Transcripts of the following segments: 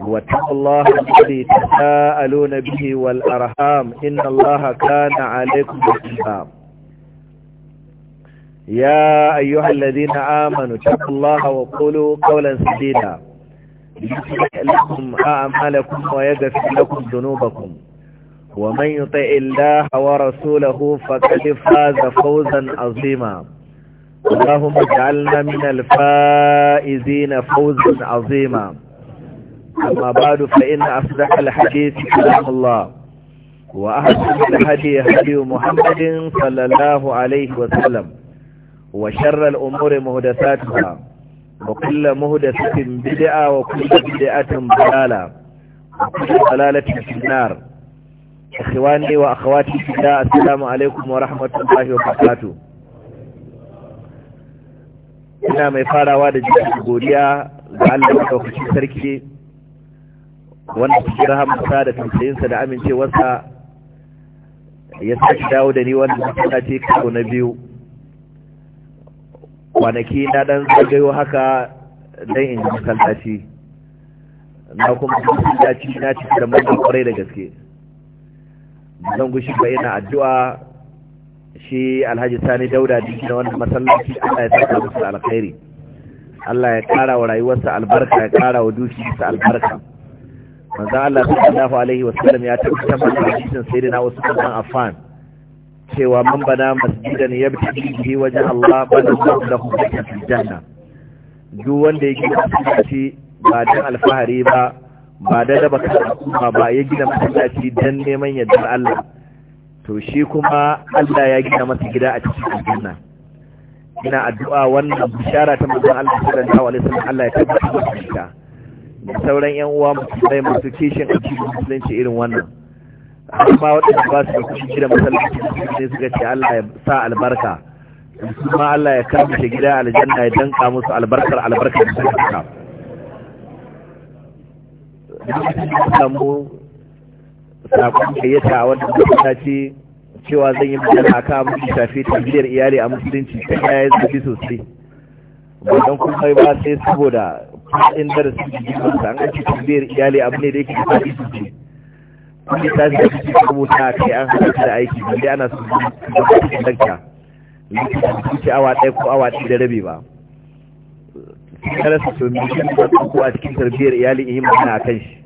واتقوا الله الذي تساءلون به والأرحام إن الله كان عليكم بالإسلام يا أيها الذين آمنوا اتقوا الله وقولوا قولا سديدا يصلح لكم أعمالكم ويغفر لكم ذنوبكم ومن يطع الله ورسوله فقد فاز فوزا عظيما اللهم اجعلنا من الفائزين فوزا عظيما أما بعد فإن أصدق الحديث كلام الله وأحسن الهدي هدي محمد صلى الله عليه وسلم وشر الأمور مهدساتها وكل مهدسة بدعة وكل بدعة بلالة وكل بلالة في النار أخواني وأخواتي في الله السلام عليكم ورحمة الله وبركاته ina mai farawa da jikin godiya ga Allah da sarki wanda cikin rahamarsa da tamsayinsa da amincewarsa ya sake dawo da ni wanda matsala ce karo na biyu kwanaki na dan zagayo haka don in ji masallaci na kuma masallaci na ci da manyan kwarai da gaske zan gushi ba ina addu'a shi alhaji sani dauda diki na wanda masallaci allah ya saka musu alkhairi allah ya kara wa rayuwarsa albarka ya kara wa dukiyarsa albarka manzan Allah sallallahu alaihi wasallam ya tabbatar da hadisin sayyidina Usman bin Affan cewa man bana masjidan yabtaghi bihi wajen Allah bana lahu fil janna duk wanda ya gina masallaci ba dan alfahari ba ba da raba kuma ba ya gina masallaci dan neman yardar Allah to shi kuma Allah ya gina masa gida a cikin aljanna ina addu'a wannan bishara ta manzon Allah sallallahu alaihi wasallam Allah ya tabbatar da da sauran yan uwa musulmai masu kishin a cikin musulunci irin wannan amma waɗanda ba su da shi da masallaci ne suka ce Allah ya sa albarka su ma Allah ya kama shi gida aljanna ya danka musu albarkar albarkar da suka saka samu sakon gayyata a wannan ce cewa zan yi magana a abin da shafi tarbiyyar iyali a musulunci ta yaya zafi sosai ba don kuma ba sai saboda da su ji jirgin sa an ake tambayar iyali abu ne da yake da su ce kuma ta da kake rubuta a kai an haɗa da aiki ba dai ana son da kake su lokaci awa ɗaya ko awa ɗaya da rabi ba karasa su mai shi da ko a cikin tarbiyyar iyali in yi magana a kan shi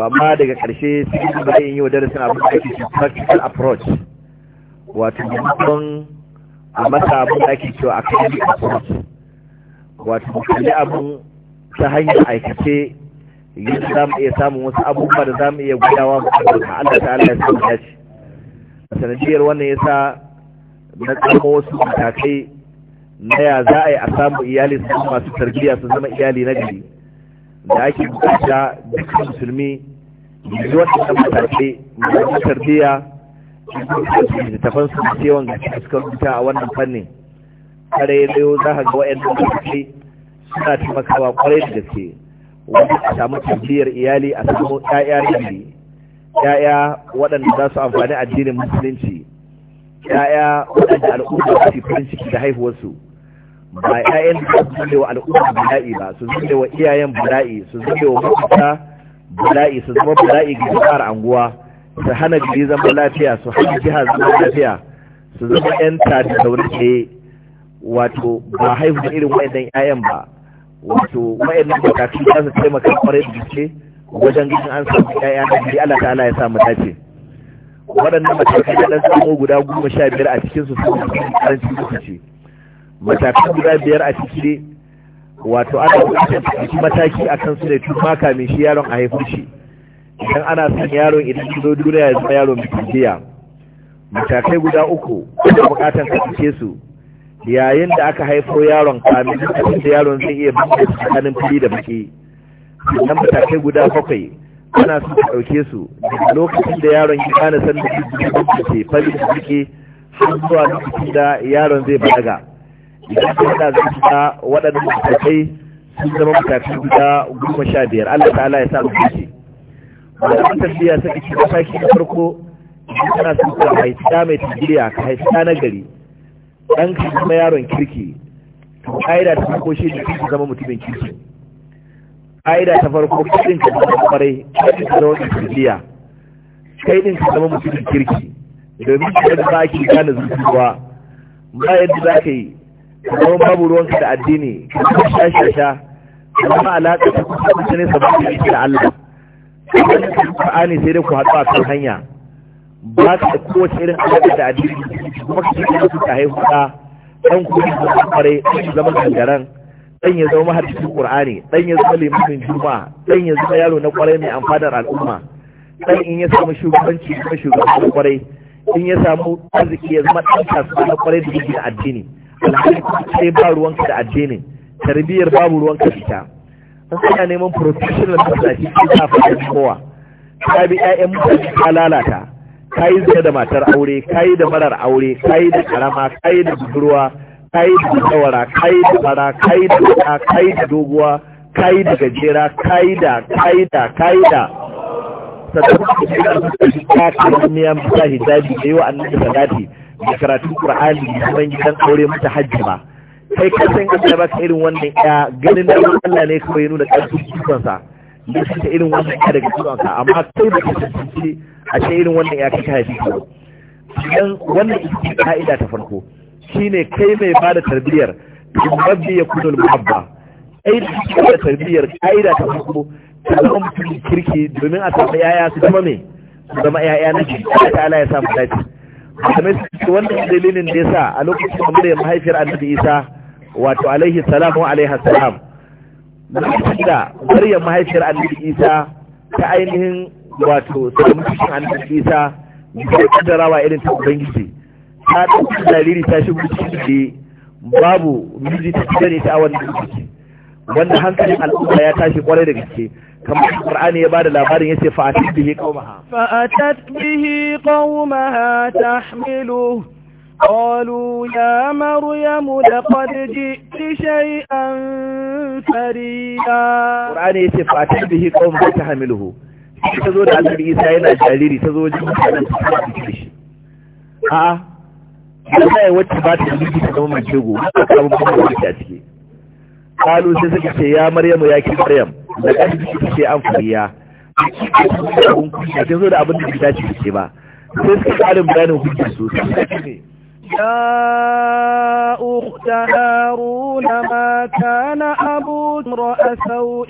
amma daga ƙarshe sai in yi wa darasin abin da ake cewa practical approach wato maimakon a masa abin da ake cewa academic approach wato kalli abin ta hanyar aikace yadda za mu iya samun wasu abubuwa da za mu iya gudawa mu ɗauka Allah ta Allah ya samu a sanadiyar wannan ya sa na tsamo wasu matakai na ya za a yi a samu iyali su zama masu tarbiyya su zama iyali na gari da ake bukata dukkan musulmi yanzu waɗannan matakai masu tarbiyya da tafansu da yawan gaske suka rubuta a wannan fannin kare yau za ka ga wa'annan mutane suna taimakawa kwarai da gaske wani a samu tafiyar iyali a samu ya'ya nabi 'ya'ya waɗanda za su amfani addinin musulunci 'ya'ya waɗanda al'umma su farin ciki da haihuwarsu ba 'ya'yan da su zama wa al'umma bala'i ba su zama wa iyayen bala'i su zama wa mafita bala'i su zama bala'i ga jama'ar anguwa su hana gari zama lafiya su hana jiha zama lafiya su zama 'yan tare da zaune wato ba haihu da irin wayannan ƴaƴan ba wato wayannan matafi za su taimaka kwarai da gaske wajen ganin an samu ƴaƴa da shi Allah ta'ala ya sa mu dace waɗannan matakai da dan samu guda goma sha biyar a cikin su sun karanci lokaci Matakai guda biyar a ciki wato ana buƙatar mataki a kan su ne tun maka mai shi yaron a haifar shi idan ana son yaron idan ya zo duniya ya zama yaron mai matakai guda uku ana buƙatar ka cike su yayin da aka haifo yaron kamin da yaron zai iya bambam tsakanin fili da baki nan matakai guda bakwai ana su ka ɗauke su daga lokacin da yaron ya kana san da ke fali da baki har zuwa lokacin da yaron zai balaga idan ka haɗa zai fita waɗannan matakai sun zama matakai guda goma sha biyar allah ta'ala ya sa mu dace tafiya sai suka ce mataki na farko idan kana son ka haifi ɗa mai tafiya ka haifi ɗa na gari ɗan ka zama yaron kirki ƙa'ida ta farko shi jikin ka zama mutumin kirki ƙa'ida ta farko kaɗin ka zama kwarai kaɗin ka zama kirkiya kaɗin ka zama mutumin kirki domin ka yadda za ki gane zuciwa ba yadda za ka yi ka zama babu ka da addini ka zama shashasha ka zama alaƙa ta kusa mutane sabbin da Allah Ƙa'ani sai dai ku haɗu a kan hanya ba ka da kowace irin alaƙa da addini kuma ka ce kana suka haihu da dan kuma ne da kware dan zama gangaran dan ya zama mahaddisin qur'ani dan ya zama limamin juma'a dan ya zama yaro na kware mai amfanar al'umma dan in ya samu shugabanci kuma shugaban kware in ya samu arziki ya zama dan kasuwa na kware da yake da addini alhali sai ba ruwanka da addini. tarbiyyar babu ruwanka da ita in kana neman professional masashi sai ka fara kowa ka bi ƴaƴan mutane ka lalata kai zina da matar aure kayi da marar aure kayi da karama kayi da budurwa kayi da tsawara kayi da bara kayi da baka kayi da doguwa kayi da gajera kayi da kayi da kayi da sannan ka kayi miya mata hijabi da yi wa annabi salati da karatun qur'ani da ban gidan aure mata hajji ba kai ka san Allah baka irin wannan ya ganin da Allah ne kawai nuna karfin kifansa ya irin wannan ya daga kiwonka amma kai da ka tantance a ce irin wannan ya kai haifi ka idan wannan ita ka'ida ta farko shine kai mai ba da tarbiyyar rabbi ya kunu muhabba kai da kake da tarbiyyar ka'ida ta farko ta zama mutum kirki domin a samu yaya su zama me su zama yaya na jiki ta ala ya samu dace kamar su wannan dalilin da ya sa a lokacin da mahaifiyar annabi Isa wato alaihi salam wa alaihi salam da maryam mahaifiyar annabi isa ta ainihin wato samun annabi isa da rawa irin ta ubangiji ta ɗauki jariri ta shigo cikin da babu miji ta gane ta awon lokaci wanda hankalin al'umma ya tashi kwarai da gaske kamar Qur'ani ya bada labarin yace fa'atat bihi qaumaha fa'atat bihi qaumaha tahmiluhu قالوا يا مريم لقد جئت شيئا فريدا قرآن يتي فاتح به قوم تحمله تزود على النبي إسا ينا جاليري تزود على النبي a Allah ya wacce ba ta miji ta zama mace go haka kawo kuma da wacce a ciki kalu sai suka ce ya maryamu ya ki maryam da kan ji ce an fariya kun kun da abin da ba sai suka karin bayanin hujjar su sai يا أخت هارون ما كان أبوك امرأ سوء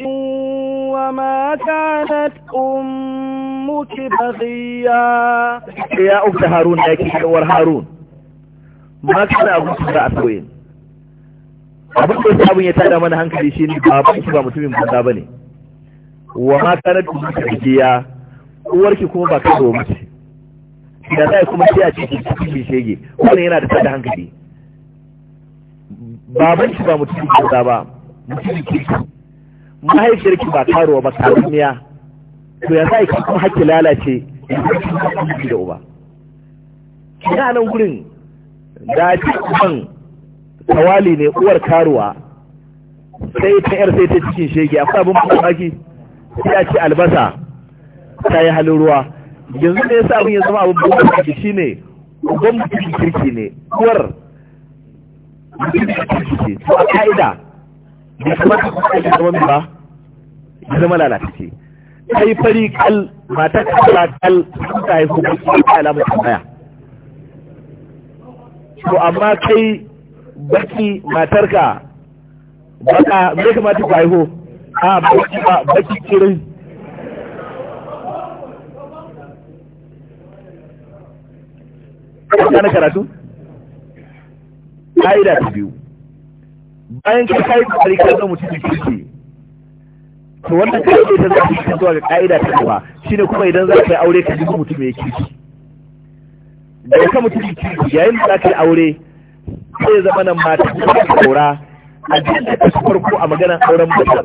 وما كانت أمك بغيا يا أخت هارون لكن شور هارون ما كان أبوك امرأ سوء abin da sabon ya tada mana hankali shi ne ba ba ba mutumin banza ba ne wa ma kanar da muka uwarki kuma ba kai da za kuma shi a cikin cikin shege wannan yana da tada hankali baban shi ba mutum da ba mutum kirki mahaifiyar ki ba karuwa ba karumiya to ya za ki kuma hakki lalace ya da uba ina nan gurin da ci kuman tawali ne uwar karuwa sai ta yar sai ta cikin shege akwai abin mamaki sai a ce albasa ta yi halin ruwa yanzu da sa abin ya zama abin babban da shi ne babban mutum kirki ne kuwar mutum kirki ce to a ka'ida bai kamata kuma kai zama mai ba ya zama lalace kai fari kal mata kala kal sun ta haifu ba su kai alamar tambaya to amma kai baki matarka baka me kamata ku haihu a baki ba baki kirin ka gane karatu ka'ida ta biyu bayan ka kai kokari ka zama mutum kirki to wannan ka'ida ta zama kirki zuwa ga ka'ida ta gaba shine kuma idan za ka yi aure ka zama mutum mai kirki da ka mutum kirki yayin da za ka yi aure sai zama nan mata ta kora a jikin da ta farko a maganar auren mutum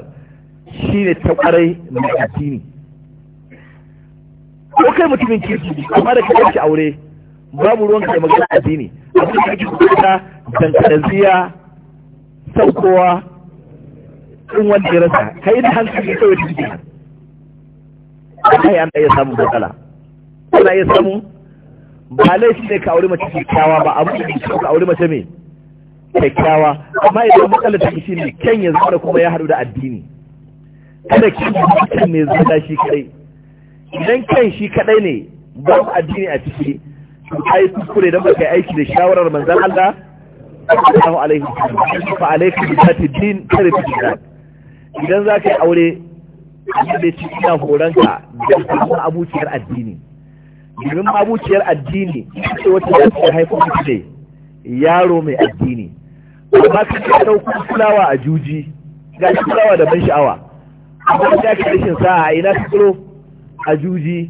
shine ta kwarai mai addini ko kai mutumin kirki amma da ka yi aure babu ruwan kai magana addini abin da kake kuka dankalaziya saukowa in wanda ya rasa ka yi da hankali kawai da jiki kai an iya samun matsala ana iya samu ba laifi ne ka aure mace kyakkyawa ba abu da ka aure mace mai kyakkyawa amma idan matsalar ta kishi ne kyan ya zama kuma ya haɗu da addini kada ki kan mai zai shi kadai idan kan shi kadai ne babu addini a ciki ai kuskure don baka aiki da shawarar manzan Allah sallallahu alaihi wasallam fa alayka bi tatidin tarbiya idan za ka yi aure da ci ina horanka da abuciyar addini domin abuciyar addini ce wata da ta haifar da ce yaro mai addini amma ka ce dauko fulawa a juji ga fulawa da ban sha'awa amma da ka rashin sa'a ina ka tsiro a juji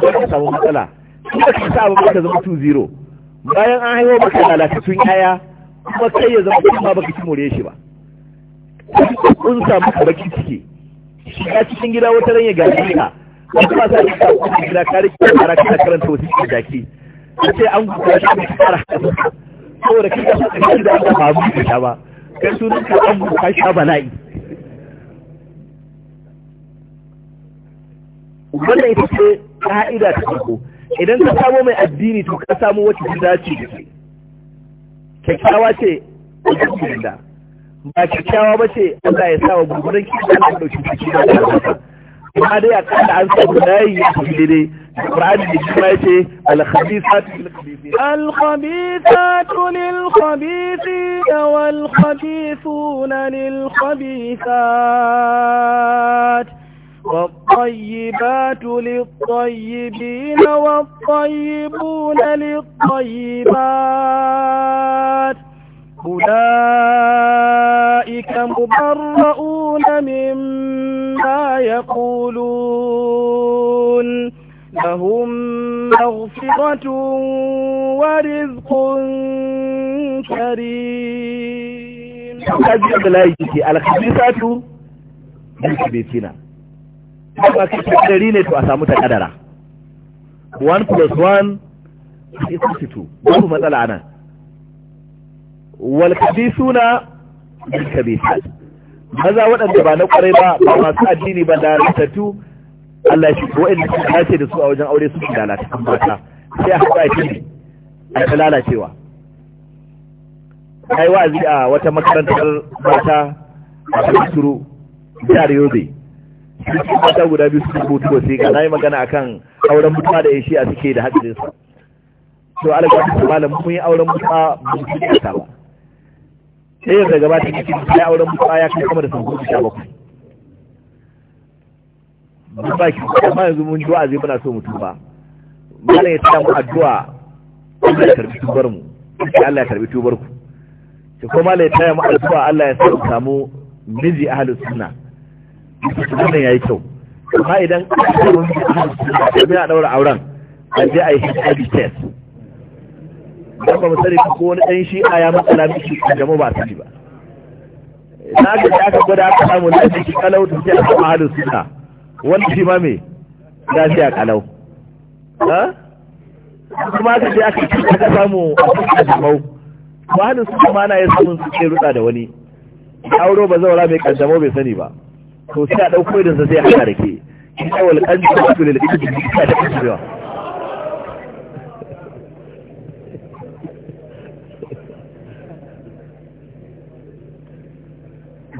ka samu matsala kuma ka sa abu ka zama 2-0 bayan an haihuwa baka lalatattun yaya kuma kai ya zama kuma baka ci more shi ba kun samu ka baki ciki shiga cikin gida wata ran ya gaji ka wasu ba sa shiga kuma gida ka rike kara kana karanta wasu cikin jaki ka ce an gusa shi ne kara saboda kai ka sa ka shi da an ba mu ka sha ba kai sunan ka an ka sha bala'i wannan ita ce ka'ida ta farko idan ka samo mai addini to ka samu wacce ta dace da kai kyakkyawa ce a cikin da ba kyakkyawa ba ce Allah ya sa wa gurgurin kisa na ɗauki ciki da ƙarfafa amma dai a kada an samu layi ya fi daidai القرآن الجمعة الخبيثات للخبيثين الخبيثات للخبيثين والخبيثون للخبيثات والطيبات للطيبين والطيبون للطيبات أولئك مبرؤون مما يقولون لهم مغفرة ورزق كريم الخبيثات بالخبيثين ba kai kadari ne to a samu ta kadara 1 plus 1 is 2 babu matsala nan wal suna bil kabisat maza waɗanda ba na kwarai ba ba masu addini ba da rantattu Allah shi waɗanda su dace da su a wajen aure su lalata kan mata sai a haɗa shi a ta lalacewa ai wa'azi a wata makarantar mata a cikin turu jihar yobe cikin mata guda biyu suka rubutu wasiƙa na yi magana akan auren mutuwa da yashi a suke da hadirin su to alƙa su malam mun yi auren mutuwa ba su da ta ba sai yau daga bata yake sai auren mutuwa ya kai sama da sanku sha bakwai mun ba ki amma yanzu mun ji wa'azi muna so mutu ba malam ya tsaya mu addu'a Allah ya karbi tubar mu Allah ya karbi tubar ku ki ko malam ya tsaya mu addu'a Allah ya sa mu samu miji ahlus sunna wannan yi kyau amma idan sai a daura auren a je a yi HIV test dan ba mu sani ko wani ɗan shi a ya matsala miki jama'a ba sani ba na ga da aka gwada aka samu na jiki kalau da a aka mahalu suna wani shi ma me lafiya kalau kuma aka je aka ci aka samu a cikin jamau mahalu suna ma na yi samun su ce ruda da wani auro ba zaura mai kanjamau bai sani ba to sai a ɗauko idan sai haka da ke shi ne wal kanji da su lalata ta jiki da kanji da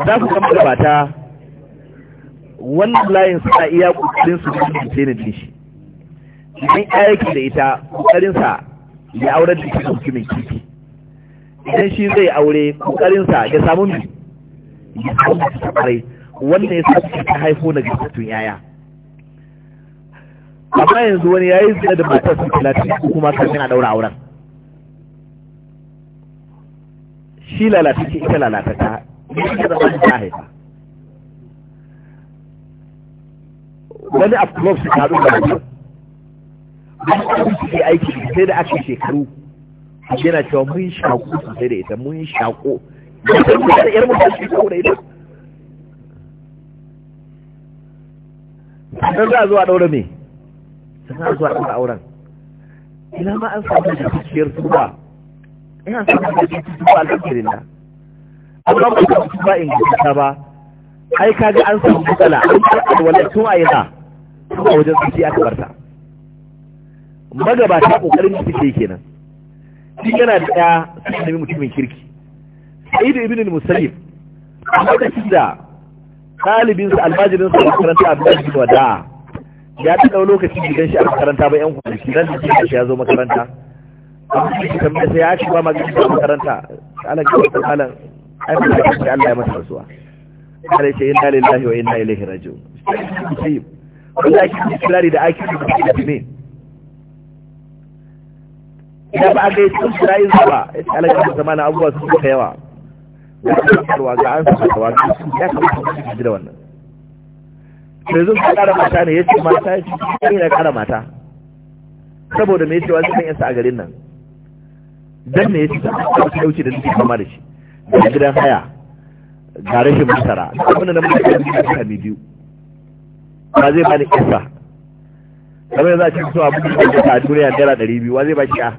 za ku kama gabata wannan layin suna iya kokarin su da ce na shi idan ayyuki da ita kokarinsa ya aure da shi mutumin kifi idan shi zai aure kokarinsa ya samu mai ya samu kwarai wanda ya sa ta haifo na gaskatun yaya amma yanzu wani yayi zina da matar su talatin ko kuma kan a daura auren shi lalata ce ita lalata ta ita da ta haifa wani a club su taru da mutum wani abin su ke aiki sai da ake shekaru yana cewa mun shaƙo sosai da ita mun shaƙo da da da don za a zuwa ɗaura me za a zuwa ɗaura auren ina ma an samu da kuciyar su ina samu da kuciyar su ba alhamdulillah amma ba ka su ba in gasa ba ai ka ga an samu matsala an karɓar wani tun a yana tun wajen wajen suke aka barta magabata ƙoƙarin da suke kenan shi yana da ɗaya sai nemi mutumin kirki sai da ibn musallif a lokacin da ɗalibin sa almajirin sa makaranta a bidan shi wada ya ta ɗau lokacin gidan shi a makaranta ba yan kwanaki nan da ke shi ya zo makaranta amma shi shi kamar sai ya shi ba magana a makaranta ala ga wata halan ai ba ta kashe Allah ya masa rasuwa kare ce inna lillahi wa inna ilaihi raji'un sai wanda ake kirari da ake kirari ne idan ba a ga yi cikin shirayin zuwa ya ce alaƙar da zamanin abubuwa su suka yawa da karwa ga an saka kawa ya kamata ka ji da wannan sai zun ka kara mata ne ya yace mata yace kai ya kara mata saboda me cewa wani yasa a garin nan dan ne ya ce ta dauke da duk kamar da shi da gidan haya ga rashin masara abin da mutum ya yi kami biyu ba zai bani kisa kamar yanzu a cikin so abin da ya ta duniya naira ɗari biyu wa zai ba shi a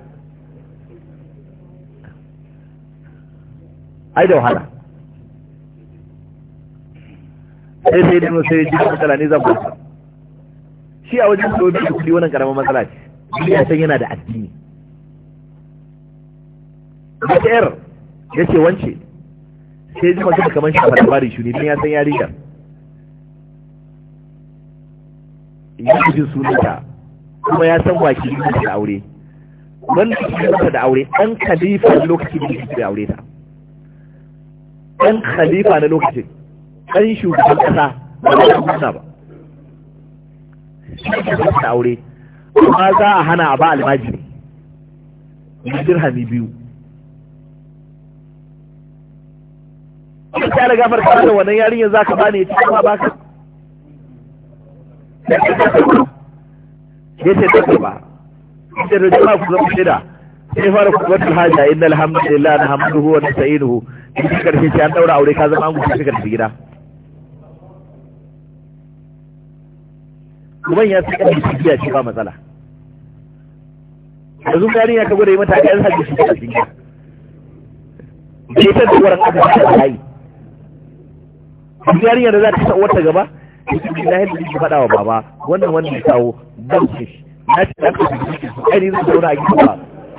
ai da wahala sai sai da sai ji matsala ne zan bata shi a wajen da wajen kudi wannan karamin matsala ce duniya san yana da addini wata yar ya ce wance sai ji da kamar a labari shuni don ya san ya riga ya ji sunanta kuma ya san wakilin da aure wanda ke da aure ɗan kalifar lokacin da ya aure ta ɗan khalifa na lokacin ɗan shugaban ƙasa ba za a kusa ba shi aure amma za a hana a ba almajiri mai dirhami biyu ta da gafar kawai da wannan yarinyar za ka ba ne ya ci ba ka ya ce ta ba ya ce ba ba ku zama shida sai fara kubar haja inna alhamdulillah na hamduhu wa nasta'inuhu in karshe ce an daura aure ka zama an gushi ka tafi gida kuban ya tsaka da tafiya ya ba matsala yanzu gani ya ka da yi mata ɗayan hajji shi ta jinya ce ta tsawar aka ta layi yarinyar da za ta sa'uwar ta gaba na yadda yake faɗa wa baba wannan wannan ya kawo ban shi na ce da aka fi ainihin zauna a gida ba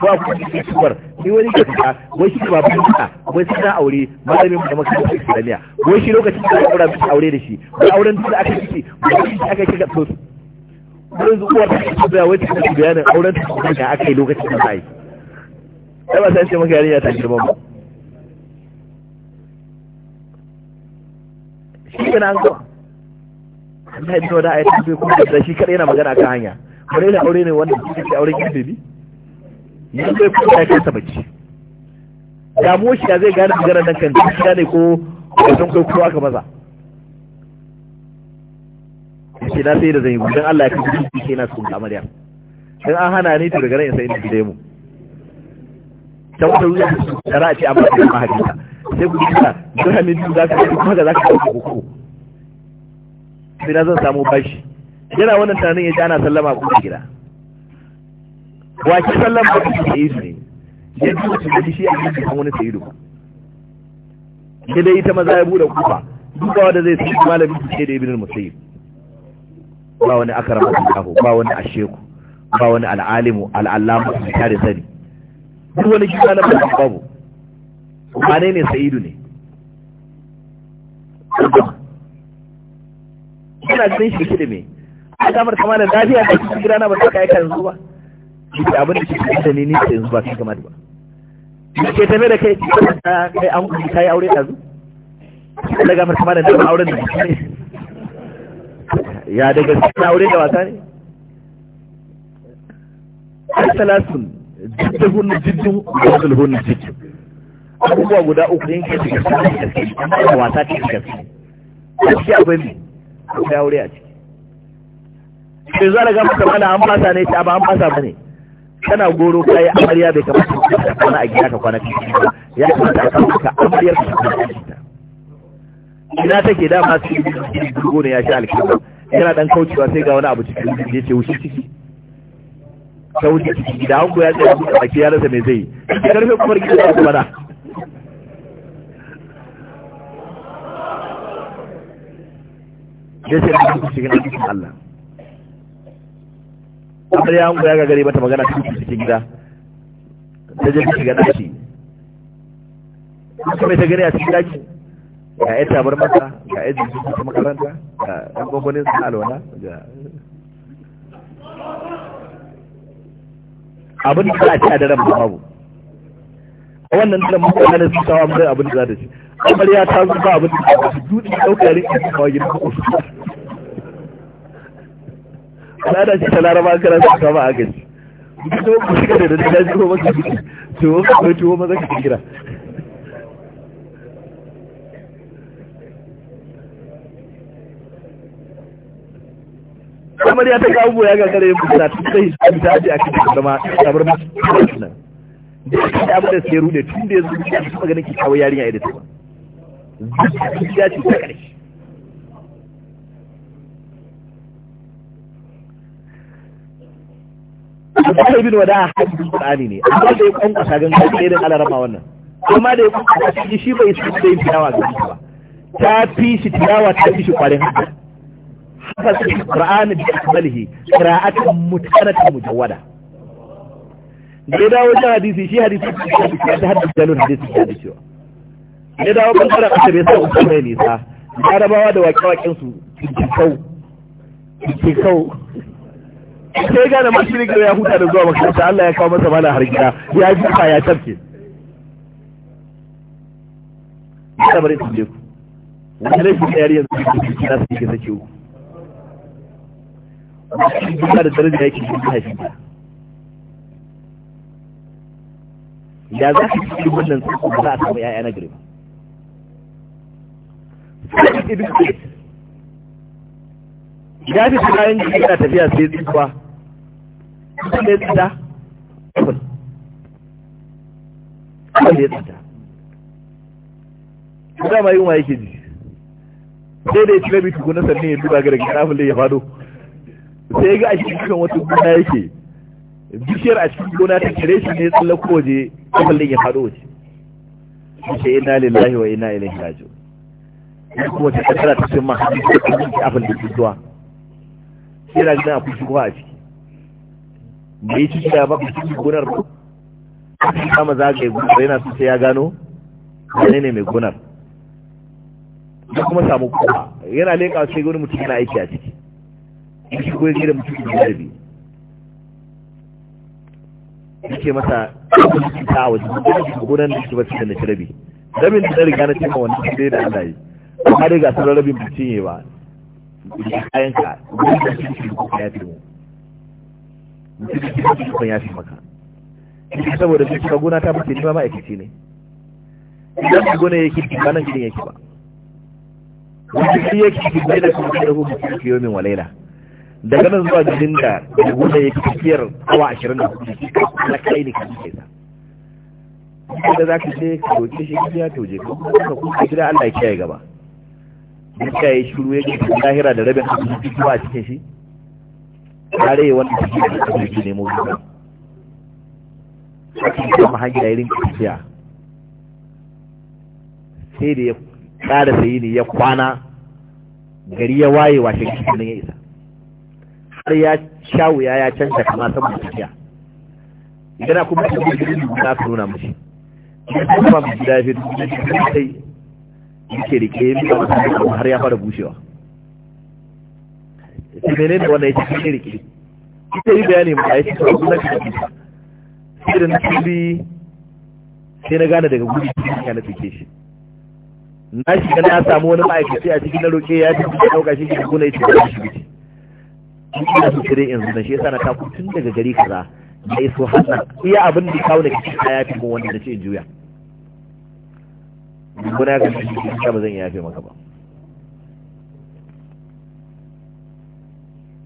ba ku da shugabar ni wani ke fita wai shi ba fita wai sai na aure malamin da makarantar islamiya wai shi lokacin da ya aura miki aure da shi wai auren da aka ciki ba shi aka ga to wurin zuwa ta ci da wai ta ci bayanin auren ta da aka yi lokacin da sai sai ba sai ce maka yarinya ta girma ba shi kana an ko Allah ya bi wa da ayatun bai kuma da shi kadai yana magana akan hanya bare da aure ne wanda suke aure gibe bi Yanzu zai kuma ya kasa bacci damuwa shi zai gane maganar nan kan gaskiya ne ko wajen kai kowa ka maza ce na sai da zan yi don Allah ya kai gudu ke na su da amarya in an hana ni to daga nan in sai ina gida mu ta wata zuwa tara a ce amma da ma sai ku gida don hannun jin za ka yi kuma ga za ka ɗauki kuku sai na zan samu bashi yana wannan tunanin ya ji ana sallama a kuma gida wa sallan ba yi sa'idu ne ya ji mutum da shi a yi kan wani sa'idu ba ya dai ita maza ya bude kufa duka wanda zai sai malami su ce da ibn musayyib ba wani akrama Allahu ba wani asheku ba wani al'alimu al'allamu, su tare sani duk wani kisa na babu babu wane ne sa'idu ne ina ganin shi kidi me a kamar da lafiya da gida na ba ta kai kan zuwa da abin da ke cikin da ni ne da yanzu ba kai kamata ba da ke tafe da kai kai an kuma ta yi aure ɗazu da gafar kama da dama auren da ne ya daga cikin aure da wasa ne ai talasun jiddahun jiddin wajen hun jiddin abubuwa guda uku yin kai shiga cikin gaske amma da wasa ce shiga cikin gaske akwai ne akwai aure a ciki sai zuwa da gafar kama da an fasa ne ta ba an fasa ba ne kana goro kayi amarya bai kamata ka kwana a gida ka kwana cikin ba ya kamata a samu ka amaryar ka kwana cikin ta ina take dama su yi dugo ne ya sha alkirma yana dan kaucewa sai ga wani abu cikin ya ce wuce ciki ta wuce ciki gida hanku ya tsaye a baki ya rasa mai zai yi karfe kumar gida ya kuma na ya ce na cikin Allah kamar ya hango ya gagare mata magana ta cikin cikin gida ta je shiga daki kuma ta gani a cikin daki ga ya tabar mata ga ya jikin ta makaranta ga ɗan gwagwanin sa alwala ga abin da a ci a daren babu a wannan daren mutane sun sawa mai abin da za ta ci kamar ya ta zuba abin da ta ci dutse ɗaukar rikin kawai gidan kuɗi da shi ta laraba kana su kama a gaji duk da kuma da da daji ko maka jiki to ka kai tuwo maza ka kira kamar ya ta kawo ga gagara yin fita tun sai shi ta ji a cikin zama kamar masu nan da ya kada abin da sai rude tun da ya zuci a cikin maganin ki kawo yarinya a idata ba zuci ya ce ta ƙarshe abdullahi bin wada hadisin qur'ani ne amma da ya kwankwasa gangan da irin alarama wannan amma da ya kwankwasa shi shi bai san da yin tilawa ga ba ta fi shi tilawa ta fi shi kwarin haka haka su qur'ani bi akmalihi qira'atan mutanatan mujawwada da ya dawo jan hadisi shi hadisi ya ta hadda jalun hadisi ya dace wa ya dawo bangaren asabe sai uku mai nisa larabawa da waƙe-waƙensu cikin kau cikin kau sai ya gane masu rigar ya huta da zuwa makaranta Allah ya kawo masa mana har gida ya jifa ya tafke ya bari su je ku wani laifin tsayar yanzu da ke kira su ke sake ku wani duka da daraja yake shi ta haifi ya za su cikin wannan tsakon ba za a samu ya'ya na gari ba ya fi su bayan yana na tafiya sai tsufa kuma da ya tsada apple kuma da ya tsada dama yi wa yake ji sai da ya ci rabi tukuna sannan ya duba ga daga apple ya fado sai ga a cikin kan wata gona yake bishiyar a cikin gona ta kare shi ne tsallako waje apple ya fado waje ce ina lillahi wa ina ilaihi raji'un kuma ta kaddara ta cin ma hadisi da kuma apple din zuwa sai da gidan akwai shi a ciki bai ci ya ba ku cikin gunar ba kafin kama zagaye gunar yana so sai ya gano wane ne mai gunar ya kuma samu kowa yana leƙa sai wani mutum yana aiki a ciki in shi goyi gida mutum da garbi yake masa ɗaukar ta a wajen gonar gonar da shi ba cikin da shi rabi rabin da riga na cikin wani dai da Allah yi amma dai ga sauran rabin ba cinye ba kayan ka gonar da shi ya fi mu mutum da kifin ikon ya fi maka ita saboda su kika gona ta fice nima ma'aikaci ne idan su gona ya kifi ba nan gidan yake ba wani shi ya kifi bai da kuma da hukum kifi yomin walaila daga nan zuwa gidan da gona ya kifi kiyar awa ashirin da hukum kifi na kai ne kan kai sa da za ki je ka roƙe shi gida to je ka kuma ka kuma, gida Allah ya kiyaye gaba duk ya yi shiru ya da lahira da rabin abin da kifi ba cikin shi kare wanda take da kake ne mu ba cikin kama hanyar irin tafiya sai da ya ƙara sayi ne ya kwana gari ya waye washe kifin ya isa har ya sha wuya ya canza kama saboda tafiya idan kuma ta gudu gudu na su nuna mashi ya kuma mu gida ya fi duk da shi sai yake rike ya bi har ya fara bushewa ita mene ne wanda ya ce kan rike ita yi bayani ma ya ce to abu na kake sai da na bi sai na gane daga gudu ya na fike shi na shiga na samu wani ma'aikaci a cikin na roƙe ya ce ka ɗauka shi ke kuna ya ce ka shi bici in ina su cire yanzu na shi yasa na taku tun daga gari kaza na iso hannan iya abin da kawo na kici ya fi mun wanda na ce in juya. ya ga shi kama zan iya yafe maka ba.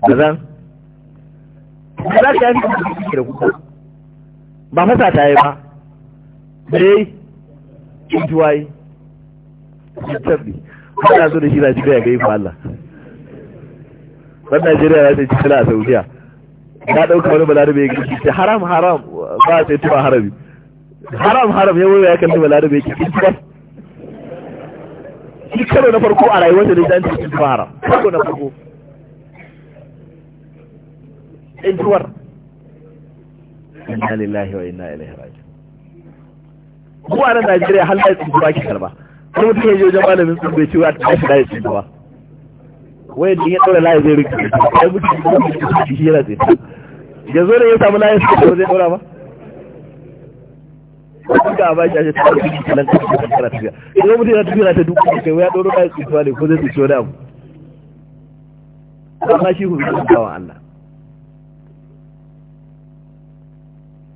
da zan ba za ka yi aiki da kuka ba fasa ta yi ba dai cutuwa yi tabbi wanda zo da shi na ci gaya ga yi fa Allah ban Najeriya za ta ci tana a Saudiya na ɗauka wani balarabe ya gaji ce haram haram ba a sai tuba harami haram haram ya wuya ya kalli balarabe ya kikin tuba shi karo na farko a rayuwarsa da ya zanci kikin tuba haram karo na farko tsintuwar inna lillahi wa inna ilaihi najeriya har karba mutum ya je wajen malamin sun bai din ya zai rike ya mutum ya shi ya zo da ya samu ko ga ba shi ta da abu amma shi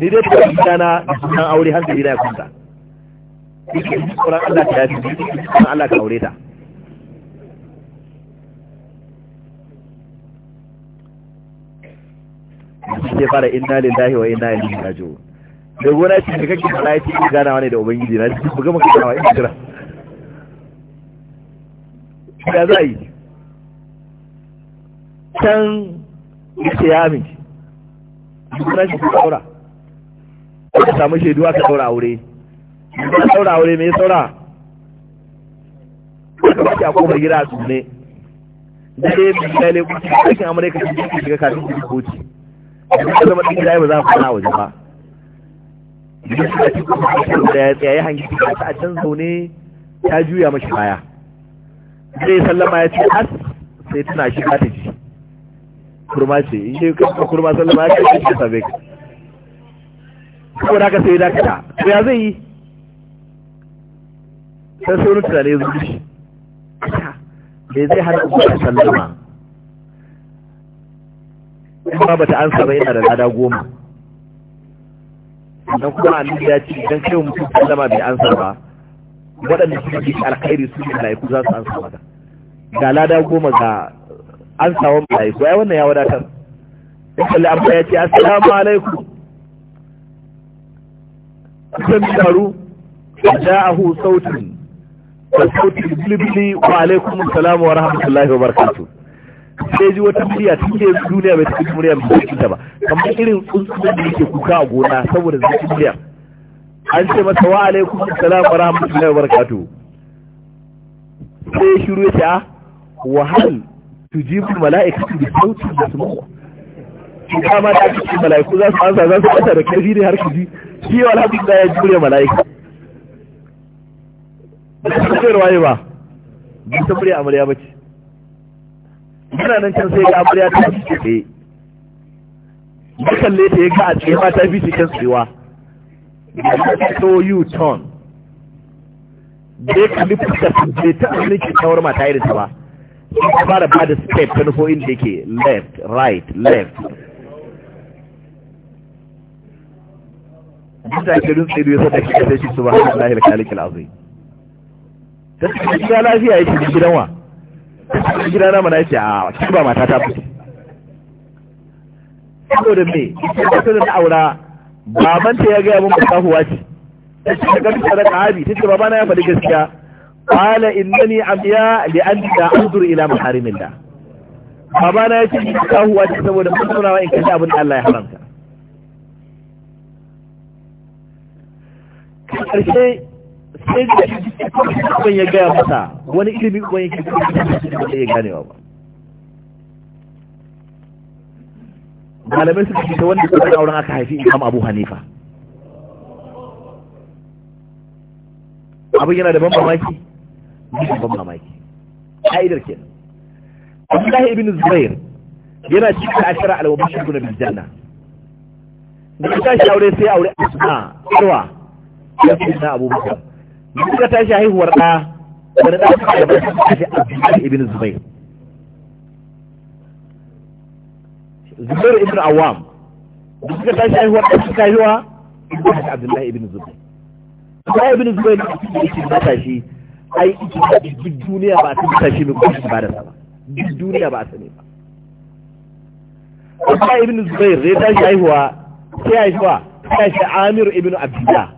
ni dai ta gida na nan aure hankali na ya kwanta yake tsoron Allah ta yafi tsoron Allah ka aure ta sai fara inna lillahi wa inna ilaihi raji'un da gona ce da kake fara yake gana wani da ubangiji na cikin buga maka ganawa ina jira Ya za yi can yake yami gona shi ta saura ka samu shaidu aka saura aure ka saura aure me saura aka baki a koma gida a tsune dare da gida ne kuci cikin amurka ka jiki shiga kafin jiki kuci da zama ɗin gida ba za a fara waje ba da suka ci kuma da ya tsaye hangi ta a can zaune ta juya mashi baya zai sallama ya ce as sai tana shiga ta ji kurma ce in yi kurma sallama ya ce ta bai ka saboda ka sai dakata to ya zai yi sai sai wani tunani ya zuci me zai hana uku ta sallama kuma ba bata ansa ba yana da lada goma dan kuma annabi ya ce idan kai mutum sallama bai ansa ba waɗanda suke yi alkhairi su ne malaiku za su ansa maka ga lada goma ga ansawan malaiku ai wannan ya wadatar in kalli Amsa ya ce assalamu alaikum zan taru ja'ahu sautin da sautin bilibili wa alaikum assalamu wa rahmatullahi wa barakatuh sai ji wata murya ke duniya bai tafi murya mai tafi ta ba kamar irin tsuntsun da yake kuka a gona saboda zaki murya an ce masa wa alaikum assalam wa rahmatullahi wa barkatu. sai shiru ya ce a ah, wahal tujibu malaikatu bi sautin da sumu kama da ake cikin mala'iku za su ansa za su ɓata da ƙarfi ne har kaji shi wa alhamdu da ya jure mala'ika ba ta kafin waye ba ba ta murya amarya ba ce yana nan can sai ga amarya ta fi ce tsaye ya kalle ta ya ga a tsaye ma ta fi ce can tsayewa ya ta so you turn da ya kalli fuskar bai ta asalin kyakkyawar mata irin ta ba sai ta fara ba da step ta nufo inda yake left right left bisa ka rutse da yasa da kika sai shi su al-khaliq al-azim ta cikin gida lafiya yake da gidan wa ta gida na mana yake a kin ba mata ta ko da me ita ta da aura babanta ya ga mun kafuwa ce ta ce ga ta da kabi ta ce babana ya faɗi gaskiya qala innani amya li an la anzur ila maharimillah babana ya ce kafuwa ce saboda mun tsorawa in kaji abin da Allah ya haramta karshe sai da ban ya gaya masa wani ilimi ban yake da ya ganewa ba malamai suka ce wanda suka auren aka haifi imam abu hanifa abin yana da ban mamaki bisa ban mamaki ƙa'idar ke abdullahi ibn zubair yana cikin ashara al-mubashir bin janna da ta shi aure sai aure asma irwa ya fi na tashi haihuwar ta da ta shi abdullahi ibn zubair zubair ibn awam ta tashi haihuwar yi ibn abdullahi ibn zubair abdullahi ibn zubair da yake shi ai da duniya ba a mai kuma ba da duniya ba a sani ba abdullahi ibn zubair da ya tashi haihuwa sai haihuwa sai shi amir ibn abdullah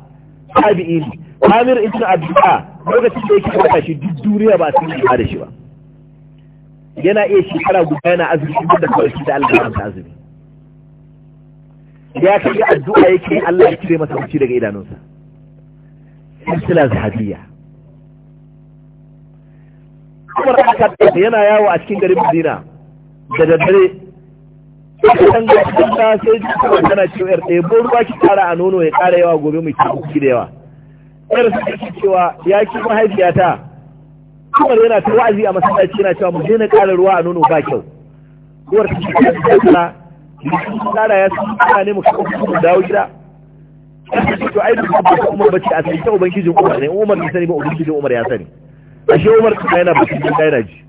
tabi'i ne amir ibn abdullah lokacin da yake kwata shi duk duniya ba su yi da shi ba yana iya shekara guda yana azumi duk da kawai da Allah ta azumi ya kai addu'a yake Allah ya cire masa wuce daga idanunsa silsila zahabiya Umar aka yana yawo a cikin garin Madina da daddare kan da kan da sai ji kuma tana cewa yar ɗaya bon ruwa ki tara a nono ya ƙara yawa gobe mai cikin ki da yawa yar sai ki cewa ya ki mahaifiyata kuma yana ta wa'azi a masallaci yana cewa mu daina ƙara ruwa a nono ba kyau uwar ta ce ta tsara tsara ya san tsara ne mu kawo mu dawo gida to ai duk da Umar bace a sai ta ubangijin Umar ne Umar ne sani ba ubangijin Umar ya sani ashe Umar yana bakin da yana ji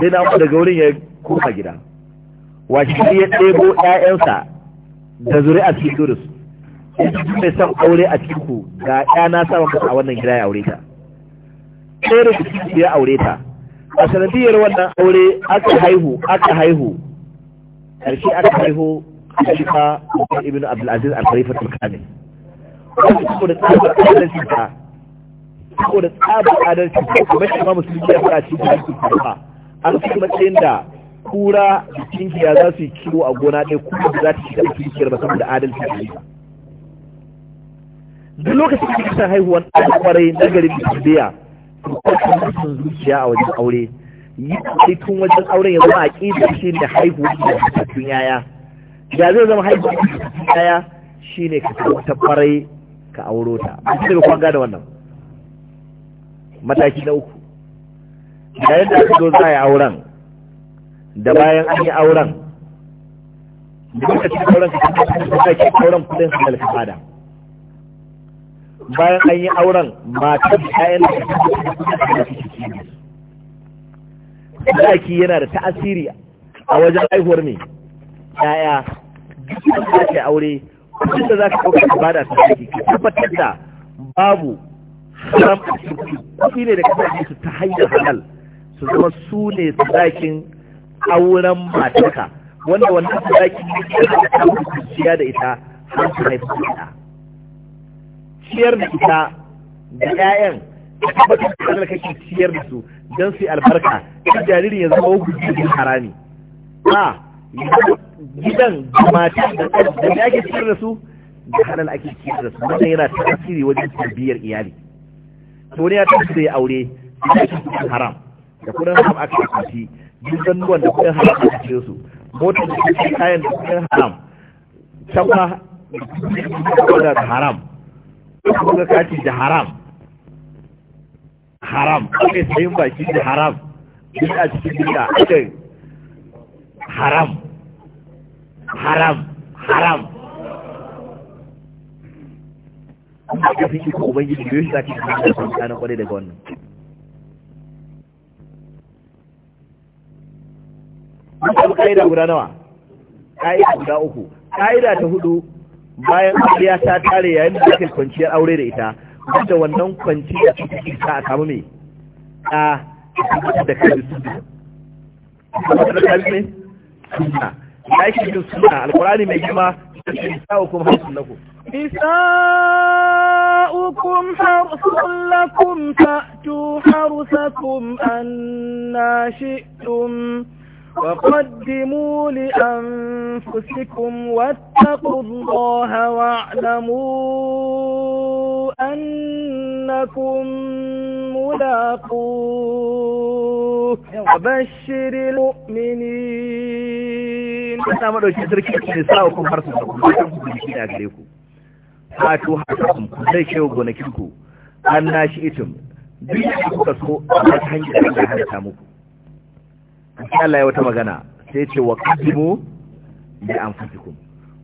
sai na daga wurin ya kuka gida shi ya ɗebo ƴaƴansa da a cikin turus mai san aure a cikin ku ga ƴana sa wanka a wannan gida ya aure ta sai da cikin ya aure ta a sanadiyar wannan aure aka haihu aka haihu ƙarshe aka haihu Khalifa Ibn Abdul Aziz Al-Khalifa Al-Kamil wanda da tsabar adalci ta saboda tsabar adalci kamar shi ma musulmi ya fara cikin ba an fi matsayin da kura da kinkiya za su yi kiwo a gona ɗaya kuma da za ta shiga da kinkiyar ba saboda adalci da yi duk lokacin da kasa haihuwan ɗan kwarai na garin tarbiya to kwakwai sun zuciya a wajen aure yi kai tun wajen auren ya zama a ƙida shi ne haihuwa da bukatun yaya ya zai zama haihuwa da bukatun yaya shi ne ka samu ta kwarai ka auro ta ba shi daga kwanga da wannan mataki na uku da yadda aka zo za a yi auren da bayan an yi auren da cikin auren ka kuma ke auren kudin su dalka fada, bayan an yi auren matar da ƴaƴan da suke ciki zaki yana da ta'asiri a wajen haihuwar ne Yaya duk da ka aure kudin da za ka ɗauka ka bada su ciki ka tabbatar da babu haram a cikin kuɗi ne da kasashe su ta hanyar halal su zama su ne tsakin auren matarka wanda wannan sadakin ne ke da kuciya da ita har su haifi ita ciyar da ita da 'ya'yan da tabbatar da kanar kake ciyar da su don su yi albarka kan jaririn ya zama wuku jirgin harami Ba gidan da mata da da ya ake ciyar da su da halal ake ciyar da su wannan yana tasiri wajen tarbiyyar iyali to ne ya tafi da ya aure da ake haram da kudin haram aka kasance jirgin ruwan da kudin haram aka kashe su motar da kudin kayan da kudin haram tawa da haram kuma kati da haram haram kai sayin baki da haram duk a cikin gida aka haram haram haram kuma ka fi iko ubangiji da yau shi za ka yi da kwanan kwarai daga wannan mun samu ka'ida guda nawa ka'ida guda uku ka'ida ta hudu bayan amarya ta tare yayin da ake kwanciyar aure da ita wanda wannan kwanciyar ta take ta a samu mai a da kai su da kai ne sunna da shi cikin sunna na ku. Isa hukum harsun lakum ta tu harsakum an na shi shi'tum وقدموا لأنفسكم واتقوا الله واعلموا أنكم ملاقوه وبشر المؤمنين أنا ما دوشي تركي نساءكم حرصكم وكم كنتين أجليكم هاتوا حرصكم كنتين شيء ونكيكم أنا شئتم duk da kuka so a wata hanyar sai Allah ya wata magana sai ce wa qaddimu bi anfusikum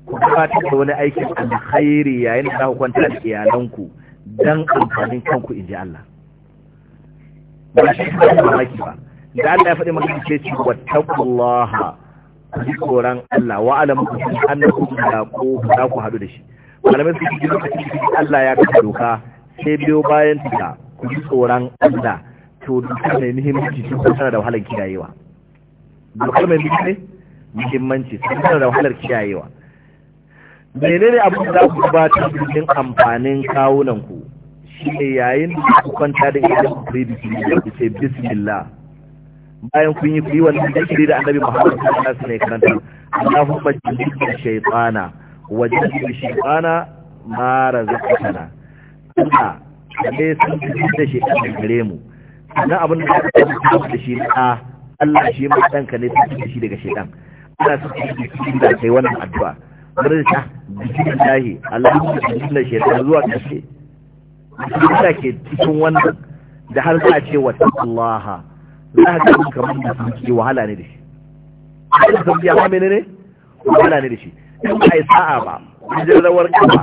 ku gabatar da wani aikin alkhairi yayin da ku kwanta da iyalanku dan amfanin kanku in ji Allah ba shi ba maki ba da Allah ya faɗi magana sai ce wa taqullaha tsoron Allah wa alam annakum ku za ku hadu da shi malamai su ji lokacin da Allah ya kafa doka sai biyo bayan ta ku ji tsoron Allah to duka ne muhimmanci sun tana da wahalar kiyayewa dokar mai ne muhimmanci sannan da wahalar kiyayewa menene abin da ku gabatar cikin amfanin kawunan ku ne yayin da ku kwanta da idan ku yi biki da ku ce bismillah bayan kun yi kuyi wannan zikiri da annabi Muhammad sallallahu alaihi wasallam ya karanta Allahumma jannibna shaytana wa jannibna shaytana ma razaqtana Allah ne san da shi da gare mu sannan abin da ka da shi na Allah shi ma danka ne take shi daga shedan ana so ki yi da kai wannan addu'a Allah ya bismillahi Allahumma da shaytan zuwa kashe da ke cikin wannan da har za a ce wa "Allah, za ka ga kamar da sauki wahala ne da shi Allah san biya ma menene wahala ne da shi in ba ai sa'a ba wajen rawar kafa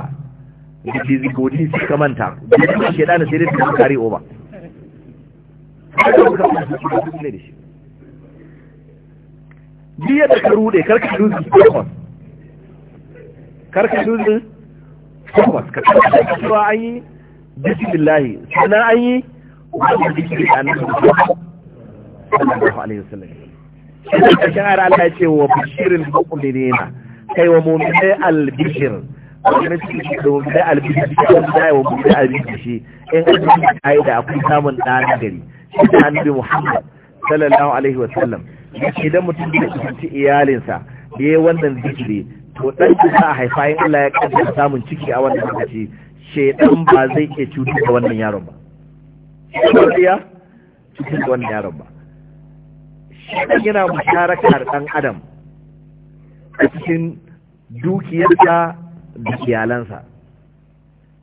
da fizikodi shi ka manta da shi shedan sai dai ta kare over Ka ga kamar da sauki ne da shi biya da ka rude karka dutse takwas karka dutse takwas ka karka cewa an yi bismillahi sannan an yi wani zikiri a nan sallallahu alaihi wasallam shi karshen ayar Allah ya ce wa bishirin mu'minina kai wa mu'minai albishir wani suke da mu'minai albishir da wani da wa mu'minai albishir shi in an yi da akwai samun ɗan gari shi ta annabi Muhammad sallallahu alaihi wasallam yace idan mutum da ci iyalinsa da ya wannan zikiri to ɗan ki za a haifa in Allah ya kaddara samun ciki a wannan lokaci shaidan ba zai iya cutar da wannan yaron ba ya cutar da wannan yaron ba shaidan yana musharakar ɗan adam a cikin dukiyarsa da iyalansa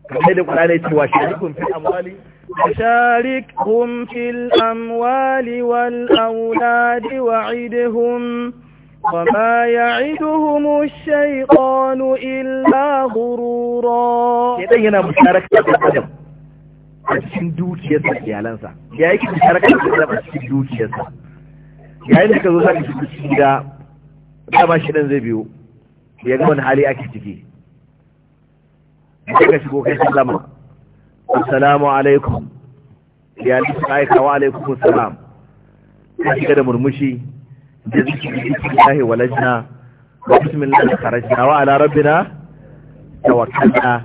kamar da Qur'ani cewa kun fi amwali وشاركهم في الأموال والأولاد وعدهم وما يعدهم الشيطان إلا غرورا يدين هنا مشاركة القدم cikin dukiyarsa iyalansa ya yake musharaka da kuma a cikin dukiyarsa yayin da ka zo saka shi cikin gida dama shi dan zai biyo ya ga wani hali ake ciki ka shigo kai sallama assalamu alaikum ya nufi aika wa alaikum salam ya shiga da murmushi da zuci da zuci lahi walajna wa bismillah da karajina wa ala rabbina tawakkalna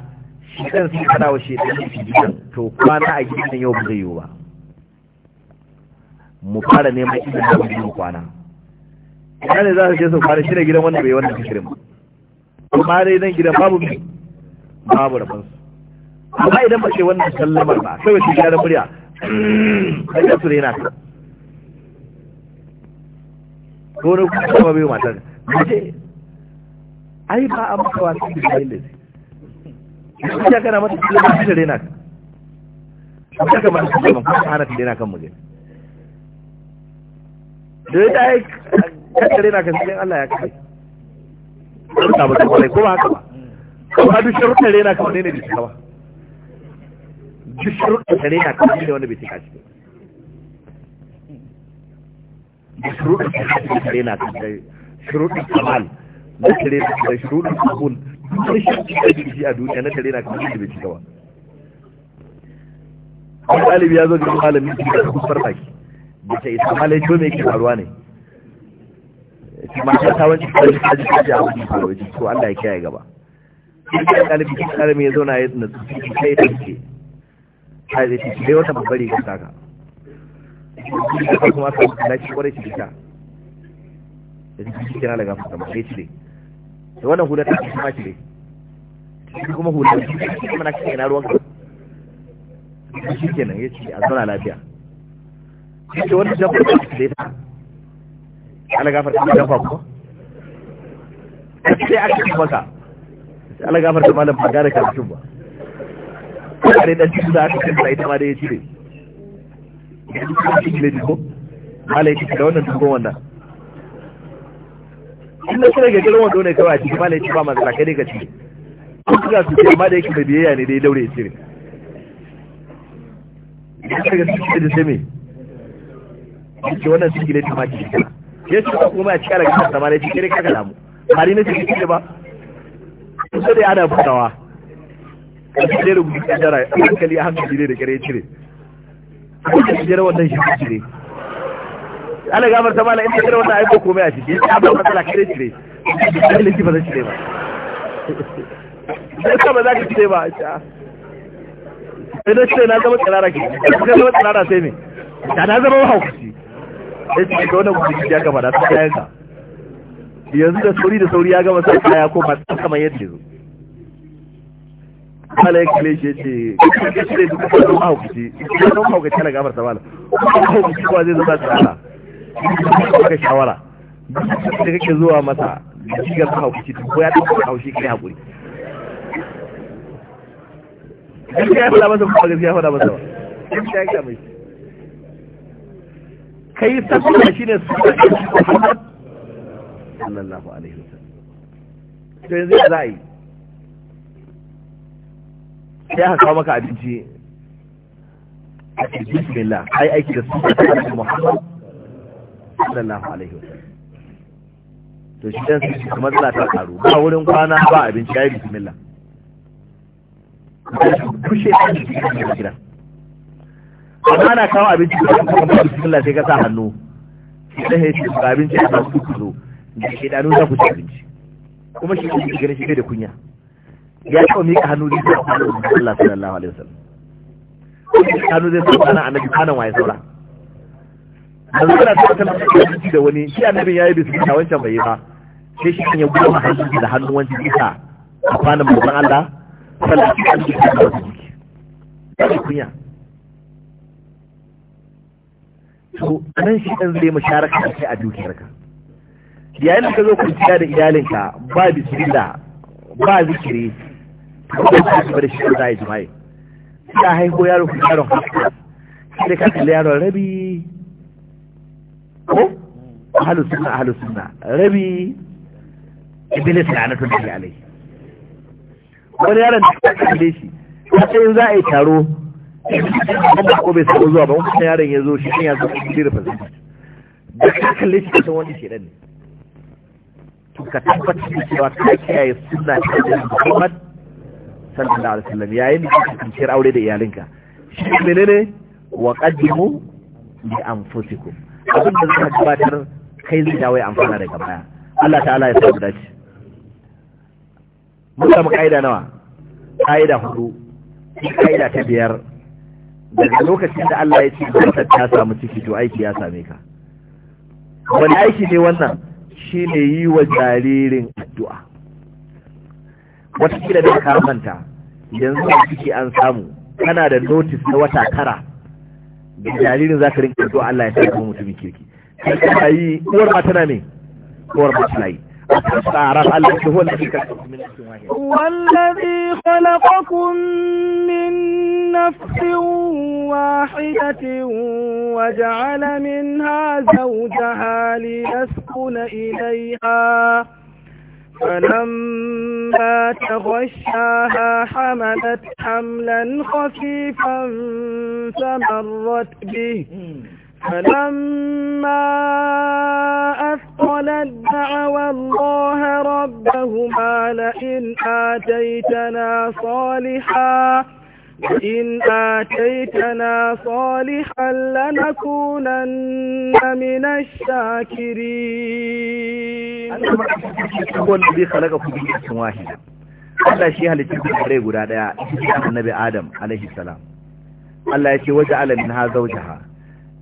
shi ɗan sai fada wa shedan shi gidan to kwana a gidan yau ba zai yiwu ba mu fara neman izinin da mu kwana ina ne za su je su fara shirya gidan wanda bai wannan fikirin ba kuma dai nan gidan babu babu rabansu amma idan ba ce wannan sallamar ba kawai shi gyara murya hanyar su rena ta ko na kuma sama bai matar mace ai ba a maka wasu da bayan da su ya kana mata sallamar shi da rena su a saka su sallamar kuma ta hana ta rena kan muje da ya yi kacce rena kan cikin allah ya kai ba ta kwarai ko ba haka ba kuma duk shirukar rena kan ne ne shi kawai duk sharuɗin na kamar da wanda bai cika shi da na kamal na da sharuɗin kabul da shi a duniya na tare na kamar da bai cika ba wani ɗalibi ya zo ga malami da kusur baki da ta isa malai ciwo mai faruwa ne mata ta wani cikin kaji kaji a wani Allah ya kiyaye gaba ɗalibi ya zauna ya nutsu a zai ce dai wata babbar riga ta ka kuma aka mutu na shi kwarai shi ta da su shi kira daga fata ba sai cire da wannan hular ta kuma cire shi kuma hular shi kuma na shi kenan ruwan ka shi kenan ya ce a zauna lafiya shi ce wani dabba ta ta ala gafar ta dabba kuma sai aka ci maka ala gafar ta malam ba gare karatun ba kare dan cikin da aka cin sa ta ma da ya cire yanzu kuma cikin da jiko mala ya ciki da wannan tukon wannan in na cire gajeren wanda ne kawai a ciki mala ya ci ba matsala kai dai ka cire ko suka su ce amma da yake mai biyayya ne dai daure ya cire yanzu daga cikin da sai me ce wannan cikin da ta ma ciki kana ya ce ka kuma a cikin da kasa mala ya ciki dai ka kalamu hari na cikin da ba kusa da ana fitawa kaji da rubutu a hankali a hankali ne da cire wannan shi cire ana gamar ta mala wannan aiko komai a ciki ya ba matsala kare cire ba cire ba za cire ba a sha cire na zama ke ka zama sai da na zama wannan ya ta kayan ka yanzu da sauri da sauri ya gama sa kaya ko ba kama yadda ya mala ya kalle shi ce kake shi ne duk wani mahaukaci ya don mahaukaci na gafarta mala mahaukaci kuwa zai zama tsara ka shawara da kake zuwa masa da mahaukaci ta ya ɗauka haushi kai haƙuri gaskiya ya faɗa masa ba gaskiya ya faɗa masa ba gaskiya ya kame shi kai sabon shi ne su Muhammad sallallahu alaihi wasallam to yanzu ya za a yi sai aka kawo maka abinci a ce bismillah ai aiki da su ta alaihi muhammad sallallahu alaihi wasallam to shi dan sai matsala ta karu ba wurin kwana ba abinci ai bismillah kushe ta cikin gida amma ana kawo abinci da kuma ba bismillah sai ka sa hannu sai ya ce abinci da su ku zo da shedanu za ku ci abinci kuma shi ne gare shi da kunya ya taɓa miƙa hannu zai sa kwanan manzon Allah sallallahu alaihi wasallam hannu zai sa kwanan annabi kana waye saura manzon Allah sallallahu alaihi wasallam ya da wani shi annabin yayi bisu da wancan bai yi ba sai shi kan ya goma hannu da hannu wancan isa, a kwanan babban Allah sallallahu alaihi wasallam ya ji kunya to nan shi ɗan zai musharaka da kai a dukiyarka yayin da ka zo kwanciya da iyalinka ba bisimila, ba zikiri ba da shi za a yi jima'i ya haihu yaro ku yaron haka sai da kasa yaron rabi ko ahalu sunna rabi iblis na anatun da alai wani yaron da ya kalle shi ya ce za a yi taro ba ko bai sabo zuwa ba wani yaron ya zo shi ne ya zo shi da fasiki da ka kalle shi kasan wani shedan ne ka tabbatar da cewa ka kiyaye sunna ta da Muhammad sallallahu alaihi wasallam yayin da kake kwanciyar aure da iyalinka shi menene wa qaddimu bi anfusikum abin da zaka gabatar kai zai dawo ya amfana daga baya Allah ta'ala ya sabu dace mun samu kaida nawa kaida hudu kaida ta biyar daga lokacin da Allah ya ce zata ta samu ciki to aiki ya same ka wani aiki ne wannan shine yi wa jaririn addu'a wata kila da ka manta yanzu a ciki an samu kana da notis na wata kara da jaririn za ka rinka to Allah ya sa kuma mutumin kirki kai ka yi uwar ma tana ne uwar ma tana yi أعرف التي هو الذي والذي خلقكم من نفس واحدة وجعل منها زوجها ليسكن إليها فلما تغشاها حملت حملا خفيفا فمرت به فلما أثقلت دعوى الله ربهما لئن آتيتنا صالحا إن آتيتنا صالحا لنكونن من الشاكرين هو الذي خلقكم بجنة واحدة Allah shi da kare guda daya ita annabi Adam alaihi salam Allah ya ce waje ala min ha zawjaha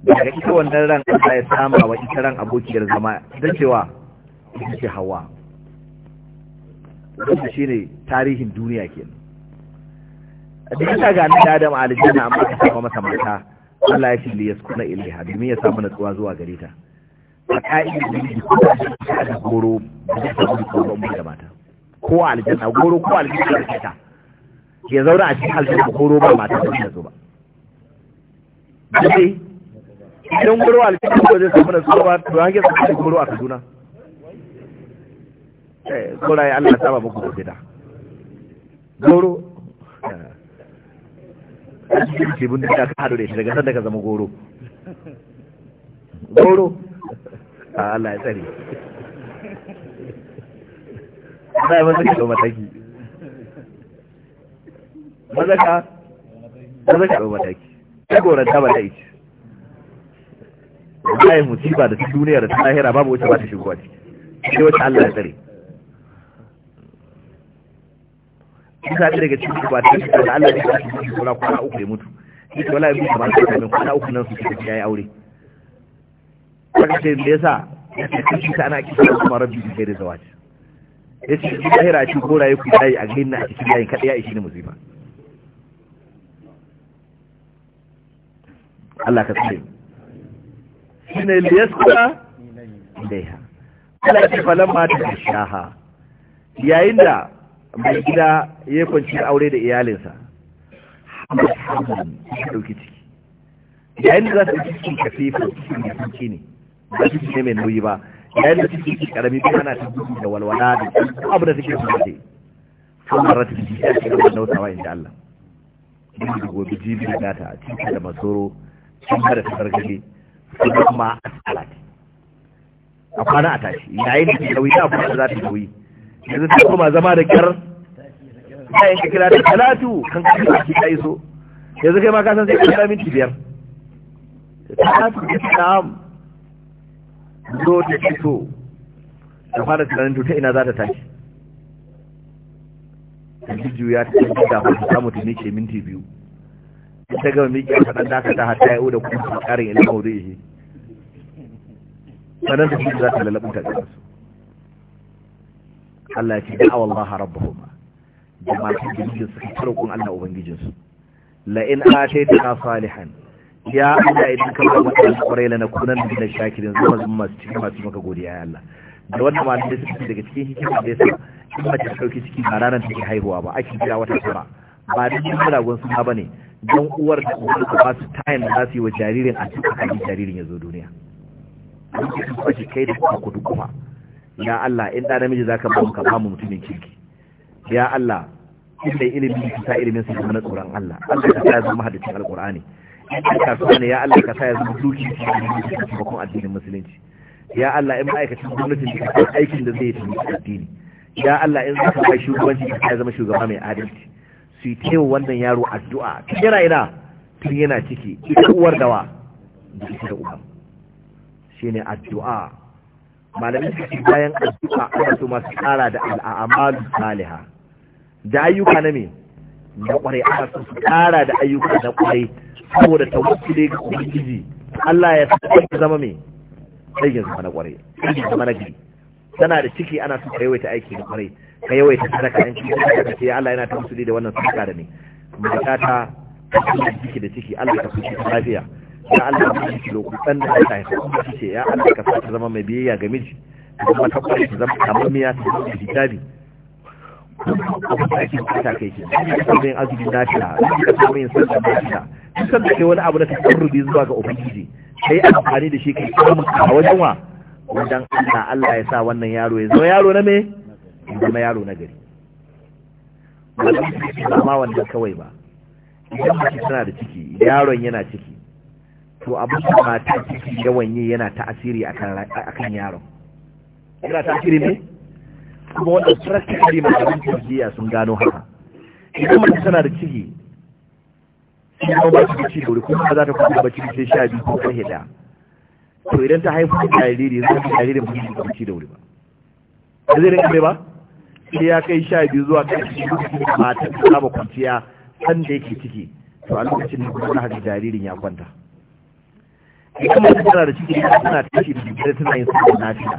daga ita wannan ran Allah ya sama wa ita ran abokiyar zama da cewa ita ce Hawwa wannan shine tarihin duniya kenan da ya ga da Adam aljanna amma ka samu masa mata Allah ya shirye ya kuna ilaiha domin ya samu natsuwa zuwa gare ta a ka'idin da da goro da ta gudu ko ban da mata ko aljanna goro ko aljanna da ta ya zauna a cikin aljanna goro ba mata da ta zo ba dai idan goro aljanna ko zai samu natsuwa ba to hanyar sa ta goro a Kaduna eh korai Allah ya saba muku da goro a cikin cibin da ka haɗu da shi daga sanda ka zama goro goro a Allah ya tsare za a maza ka ɗau mataki maza ka maza ka ɗau mataki ta goron ta bala ici musiba da ta ta lahira babu wacce ba ta shigowa ciki sai Allah ya tsare shi zaɓi daga cikin ba ta cikin da Allah ya kashe shi kuma kwana uku ya mutu shi ta wala ya mutu ba ta kamin kwana uku nan su ce ya yi aure saka ce da yasa ya ce kashi ta ana kisa da kuma rabbi sai da zawaci ya ce shi lahira a cikin koraye ku yayi a gaina a cikin yayin kaɗai ya ishi ne musifa Allah ka tsaye shi ne liyaskura ilaiha Allah ya ce falamma ta shaha yayin da mai gida ya kwanci aure da iyalinsa ɗauki ciki yayin da za su ɗauki ciki kafifa cikin da ciki ne ba su ne mai nauyi ba yayin da ciki ke karami ko ana ta gudu da walwala da abu da suke suna ce. sun fara ta ciki ya ce da nautawa inda Allah yin da gobe jibi da gata a cikin da masoro sun mara ta gargaje sun ma a tsalati a kwana a tashi yayin da ke wuyi da abu da za ta yi yanzu ta koma zama da kyar yayin ka kira da talatu kan kashi da shi kai yanzu kai ma ka san sai ka kira minti biyar talatu ta na'am zo ta fito ta fara tunanin tuta ina za ta tashi ta jujjuya ta tafi da wata samu ta miƙe minti biyu ta gama miƙe ta ɗan dakata har ta yi da kuma ƙarin ilmau zai shi sannan ta shi za ta lalabin da ƙarfi Allah ya ce da'awa Allah rabbuhuma jama'atun da suke suka tarukun Allah ubangijinsu la in ataytana salihan ya Allah idan ka ba mu na la da min shakirin zama masu cikin masu maka godiya ya Allah da wannan malamin da suke daga cikin hikima da yasa in mace ta dauki ciki ba ranar take haihuwa ba ake jira wata tara ba da cikin ragon suna bane don uwar da uwar ba su tayin da za su yi wa jaririn a cikin jaririn ya zo duniya an ce kai da kuka kudu kuma ya Allah in da namiji zaka ba mu ka ba mu mutumin kirki ya Allah in dai ilimi ka sa ilimin sa kuma na tsoron Allah Allah ka sa ya zama hadisin alqur'ani in ka so ne ya Allah ka sa ya zama duki ba kun addinin musulunci ya Allah in ma'aikacin gwamnatin da ka aikin da zai yi addini ya Allah in zaka ba shugabanci ka ya zama shugaba mai adalci su yi tewa wannan yaro addu'a tun yana ina tun yana ciki ita uwar dawa da ita da uba shine addu'a malamin suke bayan addu'a ana so masu tsara da al'amalu saliha da ayyuka na me na kware ana so su tsara da ayyuka na kware saboda tawakkuli ga ubangiji Allah ya saka zama me sai ya zama na kware sai ya zama na gari tana da ciki ana so ka yawaita aiki na kware ka yawaita sadaka in ciki da ce Allah yana tawassuli da wannan sadaka da ne mata ta ciki da ciki Allah ka fushi lafiya ya Allah ya miji lokutan da ta haifa kuma ce ya Allah ka sa ta zama mai biyayya ga miji kuma ta kwari ta zama kamar miya ta zama hijabi abu da ake bukata kai ke ka samu yin azumi nafila ka samu yin sallah nafila dukkan da kai wani abu da ka rubi zuwa ga ubangiji kai amfani da shi kai samu a wajen wa wajen Allah Allah ya sa wannan yaro ya zama yaro na me zama yaro na gari ba ma wanda kawai ba idan mace tana da ciki yaron yana ciki to abin da mata ciki yawan yi yana ta'asiri akan yaron yana ta'asiri ne kuma wanda practically malaman tarbiyya sun gano haka idan mace tana da ciki sai kuma ba ta ci da wuri kuma za ta kuma bacci sai sha biyu ko karfe da. to idan ta haifu da jariri za ta jaririn ba zai bacci da wuri ba da zai rinka ba sai ya kai sha biyu zuwa karfe biyu da mata ta kwanciya san da yake ciki to a lokacin da kuma na haka jaririn ya kwanta idan mace tana da ciki tana tashi da jikin tana yin sabon nafila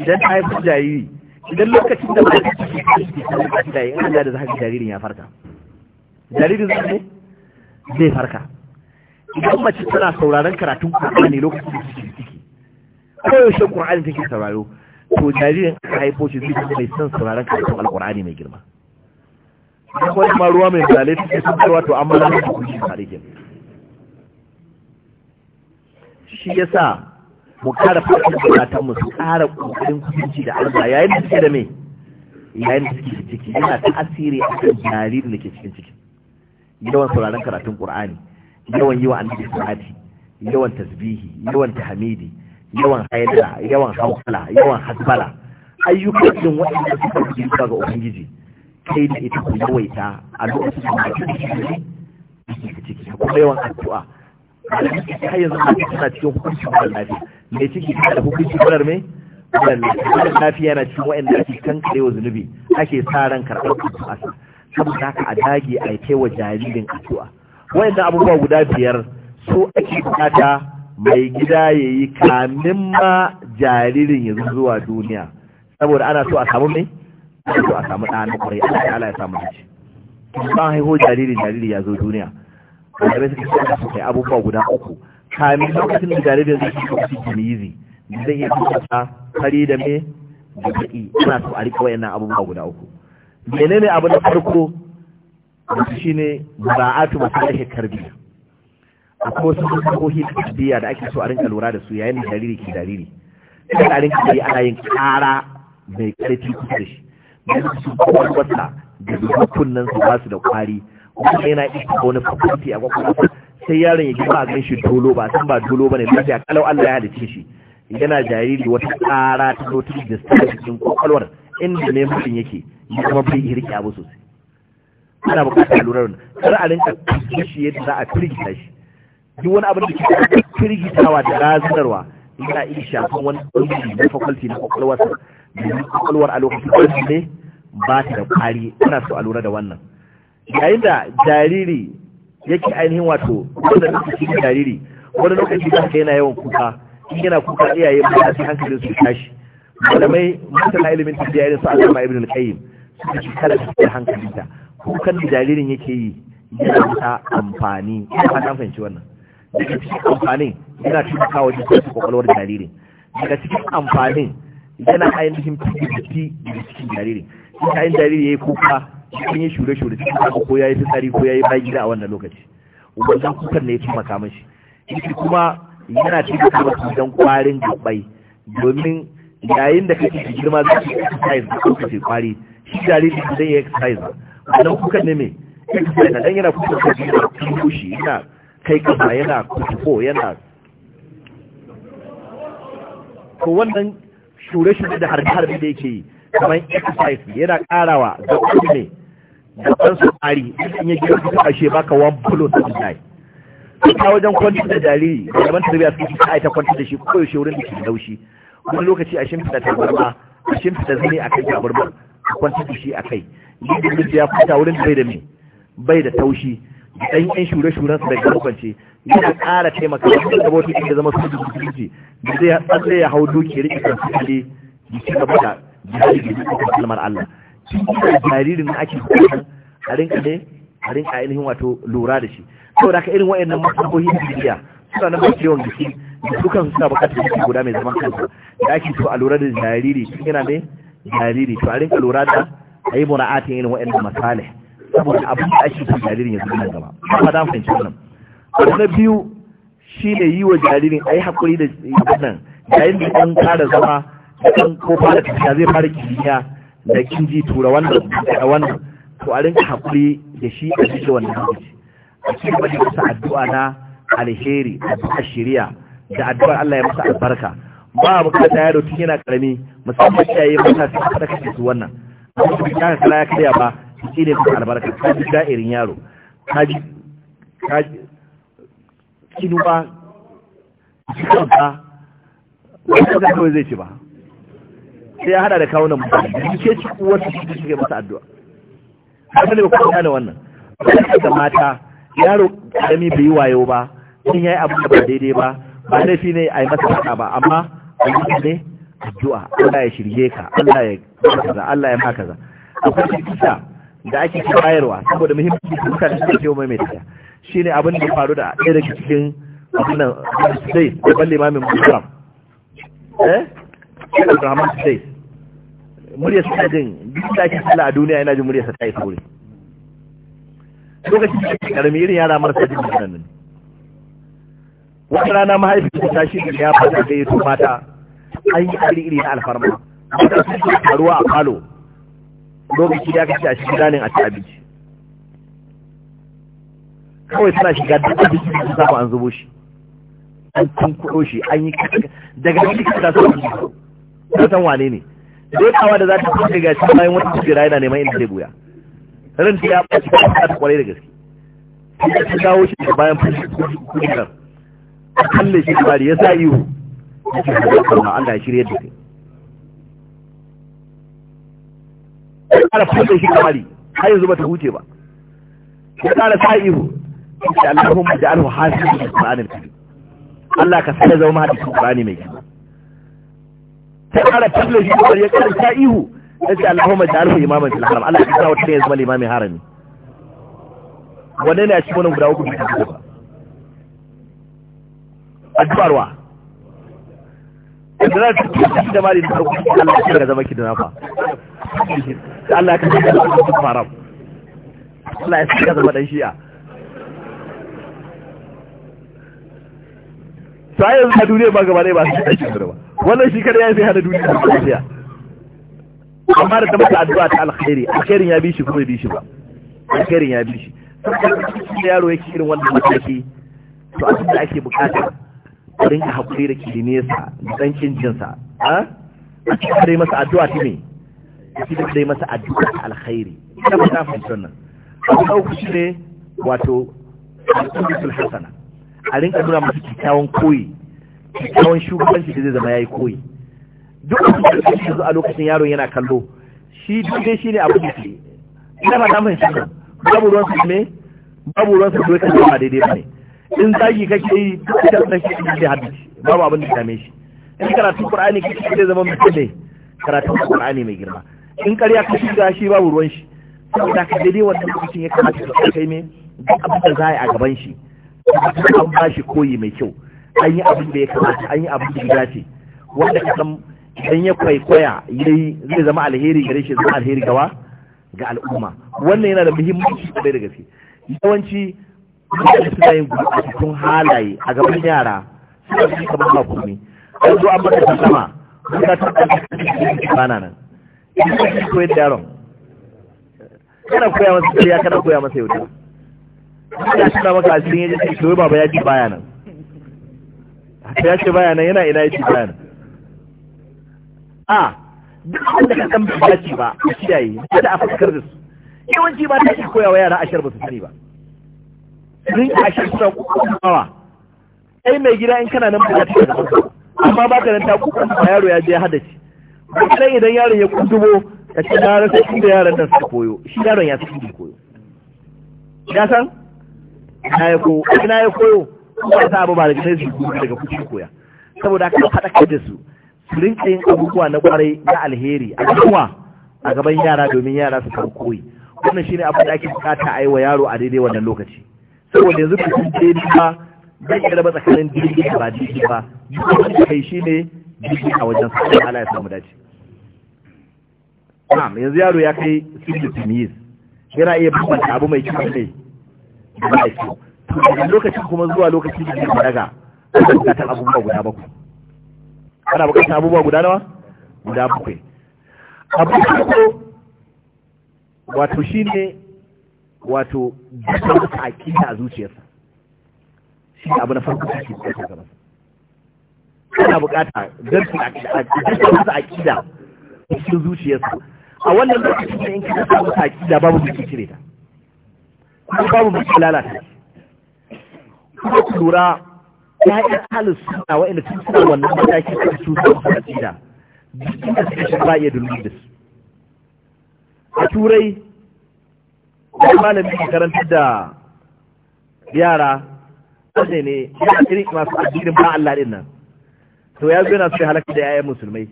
idan ta haifu jariri idan lokacin da mace ta ciki ta ciki ta lokaci da yin da zaka jaririn ya farka jaririn zai ne zai farka idan mace tana sauraron karatun Qur'ani lokacin da take ciki yaushe Qur'ani take sauraro to jaririn aka haifo shi zai mai son sauraron karatun al mai girma. Akwai kuma ruwa mai zalai take sun karwa to amma na da kuma ba da shi ya sa mu kara fatan bukatan mu su kara kokarin kusanci da Allah yayin da suke da me yayin da suke ciki yana tasiri a kan jaririn da ke cikin ciki yawan sauraron karatun Qur'ani yawan yi wa annabi salati yawan tasbihi yawan tahmidi yawan haidara yawan haukala yawan hasbala ayyukan din wa'anda suka yi ga ubangiji kai da ita ku yawaita a lokacin da kake ciki kuma yawan addu'a malamin ciki har yanzu mace tana cikin hukunci marar lafiya mai ciki tana da hukunci marar mai marar lafiya na cikin wa'anda ake kankare wa zunubi ake sa ran karɓar addu'a saboda haka a dage a kai wa jaririn addu'a wa'annan abubuwa guda biyar so ake bukata mai gida ya yi kamin ma jaririn ya zuwa duniya saboda ana so a samu mai ana so a samu ɗana kwarai Allah ya samu dace ban haihu jaririn jariri ya zo duniya malamai suka ce ana suka abubuwa guda uku kamin lokacin da jaririn zai fi lokaci jimizi zai iya tuka fari da me da baki ana so a rika wayannan abubuwa guda uku menene abu na farko wasu shine bara'atu masalahi tarbiyya akwai wasu dokoki na tarbiyya da ake so a rinka lura da su yayin da jariri ke jariri sai a rinka yi ana yin ƙara mai karfi kusa da shi da su kowarwarsa da dukkan nan su ba su da kwari Kuma yana ko wani fakulti a kwakwalwa sai yaron ya girma a gan shi dolo ba san ba dolo ba ne lafiya kalau Allah ya halice shi yana jariri wata ƙara ta zo da da cikin kwakwalwar inda ne mutum yake ya kuma bai yi rike abu sosai ana buƙatar lura da kar a rinka shi yadda za a firgita shi duk wani abin da ke firgitawa da razanarwa yana iya shafan wani ɗauki na fakulti na kwakwalwarsa domin kwakwalwar a lokacin ne ba ta da kwari ana so a lura da wannan yayin da jariri yake ainihin wato wanda lokaci cikin jariri wani lokaci za ka yana yawan kuka in yana kuka iyaye ba sai hankalin su tashi malamai masana ilimin tafiya irin su zama ibn al-qayyim suka ci kala da ta, kukan da jaririn yake yi yana ta amfani ina ta fahimci wannan daga cikin amfanin yana kawo wajen sauke kwakwalwar jaririn daga cikin amfanin yana ainihin fiti da cikin jaririn in ka yin jariri ya yi kuka an yi shure-shure cikin haka ko ya yi fitsari ko ya yi bayan gida a wannan lokaci wannan kukan ne ya taimaka mashi shi kuma yana taimaka masa wajen kwarin gabbai domin yayin da kake girma za ka yi exercise da kuka ce kwari shi jariri zai yi exercise wannan kukan ne mai exercise dan yana kuka ko yana kushi yana kai kafa yana ko yana ko wannan shure-shure da harbe-harbe da yake yi kamar exercise yana karawa ga ne da ɗan su ƙari in ya gina su ƙashe baka wan bulo da jinai ta wajen kwanci da jariri da zaman tarbiyya su ta aita kwanci da shi ko yaushe wurin da ke laushi wani lokaci a shimfiɗa tabarma a shimfiɗa zane a kan tabarma a kwanci da shi a kai da mutu ya kwanta wurin da bai da mai bai da taushi da ɗan yan shure-shuren su daga kwance yana ƙara taimaka da gabotin da zama su da mutunci da zai tsalle ya hau dukiyar ikan su kale da ci gaba da jihar da dukkan kalmar Allah tun jaririn na ake bukatar a rinka ne a rinka ainihin wato lura da shi Sau da ka irin masu masabohin jiriya suna nan mafi yawan jiki da dukan suna bukatar jiki guda mai zaman kansa da ake so a lura da jariri tun yana ne jariri to a rinka lura da a yi mura'atin irin masu masalih saboda abin da ake so jaririn ya zama gaba ba da fahimci wannan abu na biyu shine yi wa jaririn a yi haƙuri da wannan yayin da ɗan ƙara zama ko fara tafiya zai fara kiriya da ji tura wannan da wannan to a rinka haƙuri da shi a cikin wannan lokaci a cikin bari masa addu'a na alheri da addu'a shari'a da addu'ar Allah ya masa albarka ba bukata yaro tun yana karami musamman iyaye mata su fada kashe su wannan amma su kika kala ya karya ba su ne su albarka ka ji da'irin yaro ka ji ka ji kinuwa ki kanka wani kawai zai ci ba sai ya hada da kawunan mutane da ke ci wasu su suke masa addu'a ba ne ba kuma yana wannan ba da mata yaro karami bai yi wayo ba sun yi abu da ba daidai ba ba laifi ne a yi masa faɗa ba amma masa ne addu'a Allah ya shirye ka Allah ya kaza Allah ya ma kaza akwai kisa da ake bayarwa saboda muhimmanci da mutane suke cewa mai mai shi shine abin da ya faru da ɗaya daga cikin abinan sai da balle mamin musulman eh Abdulrahman Sudai muryar sa jin duk da ke sallah a duniya yana jin muryar sa ta yi sauri lokacin da ke karami irin yara marasa jin nan ne wata rana mahaifin ta tashi da ya fata da yato mata an yi iri iri na alfarma wata su ke faruwa a falo Lokacin da ya kashe a shi gidanin a ci abinci kawai suna shiga duk abinci da samu an zubo shi an kunkuro shi an yi daga wani kasa su ne san wane ne dokawa da za ta fita ga shi bayan wata kujera yana neman inda zai buya ran ta ya ɓaci ta ta kwarai da gaske sai ta dawo shi da bayan kujerar a kalle shi bari ya sa ihu ya ce da kuma Allah ya shirye da kai ya ƙara fasa shi kamari har yanzu ba ta huce ba ya ƙara sa ihu ya ce Allahumma ja'alhu hasibi bil Qur'anil fili. Allah ka sai zama hadisin Qur'ani mai kyau ta kara shi ya ta ihu ta ce Allahumma ja'alhu imaman fil haram Allah ya sa wata ya zama limamin harami wannan ne a cikin guda uku da take ba ka da mali da farko Allah ya ga zama kidana fa Allah ka haram Allah ya sa zama dan shi'a a duniya ba gaba ne ba su da shi ba wannan shi kada ya sai hada duniya da lafiya amma da ta addu'a ta alkhairi alkhairin ya bi shi kuma bi shi ba alkhairin ya bi shi saboda yaro yake irin wannan mataki to abin da ake bukata rinka hakuri da kilinesa da dan kincinsa a a cikin dai masa addu'a ta me a cikin dai masa addu'a ta alkhairi ina ba ta fahimci wannan abu ɗauku shi ne wato alƙulisul hasana a rinka nuna masa kyakkyawan koyi kawon shugabanci da zai zama ya yi koyi duk abin da su a lokacin yaron yana kallo shi dai shi ne abu da ke ina ba ta shi nan babu ruwan su ne babu ruwan su doka ba daidai ba ne in zagi kake yi duk da san shi ne hadisi babu abin da ya dame shi in karatun qur'ani kake zai zama mutum ne karatun qur'ani mai girma in ƙarya ka shiga shi babu ruwan shi saboda ka daidai wannan lokacin ya kamata ka kai mai duk abin da za a yi a gaban shi an ba shi koyi mai kyau an yi abin da ya kamata an yi abin da ya dace wanda ka san idan ya kwaikwaya yayi zai zama alheri gare shi zama alheri gawa ga al'umma wannan yana da muhimmanci kwarai da gaske yawanci mutane suna yin gudu a cikin halaye a gaban yara suna yi kamar ba komai an zo an bata sama ka ta ɗauka bana nan idan ka koyar da yaron kana koya masa kariya kana koya masa yauta ya tuna maka asirin yaji sai baba ya ji baya nan ya ce baya nan yana ina yake bayan a duk wanda ka san ba ce ba a kiyaye kada a fuskar da su yawanci ba ta ke koyawa yara ashar ba su sani ba sun yi ashar suna kokawa ai mai gida in kana nan ba ta ba amma ba ka nan ta kuma yaro ya je haddace kuma idan yaron ya dubo ka ce na rasa inda yaron nan suka koyo shi yaron ya suka koyo ya san ina ya koyo kuma za abu ba daga sai su daga kuci koya saboda aka haɗa kai da su su rinka yin abubuwa na ƙwarai na alheri a kuma a gaban yara domin yara su kan koyi wannan shine abin da ake bukata a yi wa yaro a daidai wannan lokaci saboda yanzu bikin daidai ba zai iya raba tsakanin daidai da ba daidai ba duk wani da kai shine daidai a wajen sa Allah ya samu dace na'am yanzu yaro ya kai sirri tumiz yana iya bambanta abu mai kyau ne ba kyau to daga lokacin kuma zuwa lokacin da ya daga ana bukatar abubuwa guda bakwai ana bukatar abubuwa guda nawa guda bakwai abu farko wato shine wato dasa masa aƙida a zuciyarsa shi abu na farko shi ke bukatar gaba ana bukata dasa masa aƙida a cikin zuciyarsa a wannan lokacin da in kika samu aƙida babu da ke cire ta kuma babu mai lalata shi kuma ku lura ya'yan halin suna wa'inda sun suna wannan mataki kan su su su akida duk inda suka shi ba iya dulmi da su a turai wani malami ke karantar da yara wanda ne ya irin masu addinin ba Allah din nan to ya zo yana su halaka da ya'yan musulmai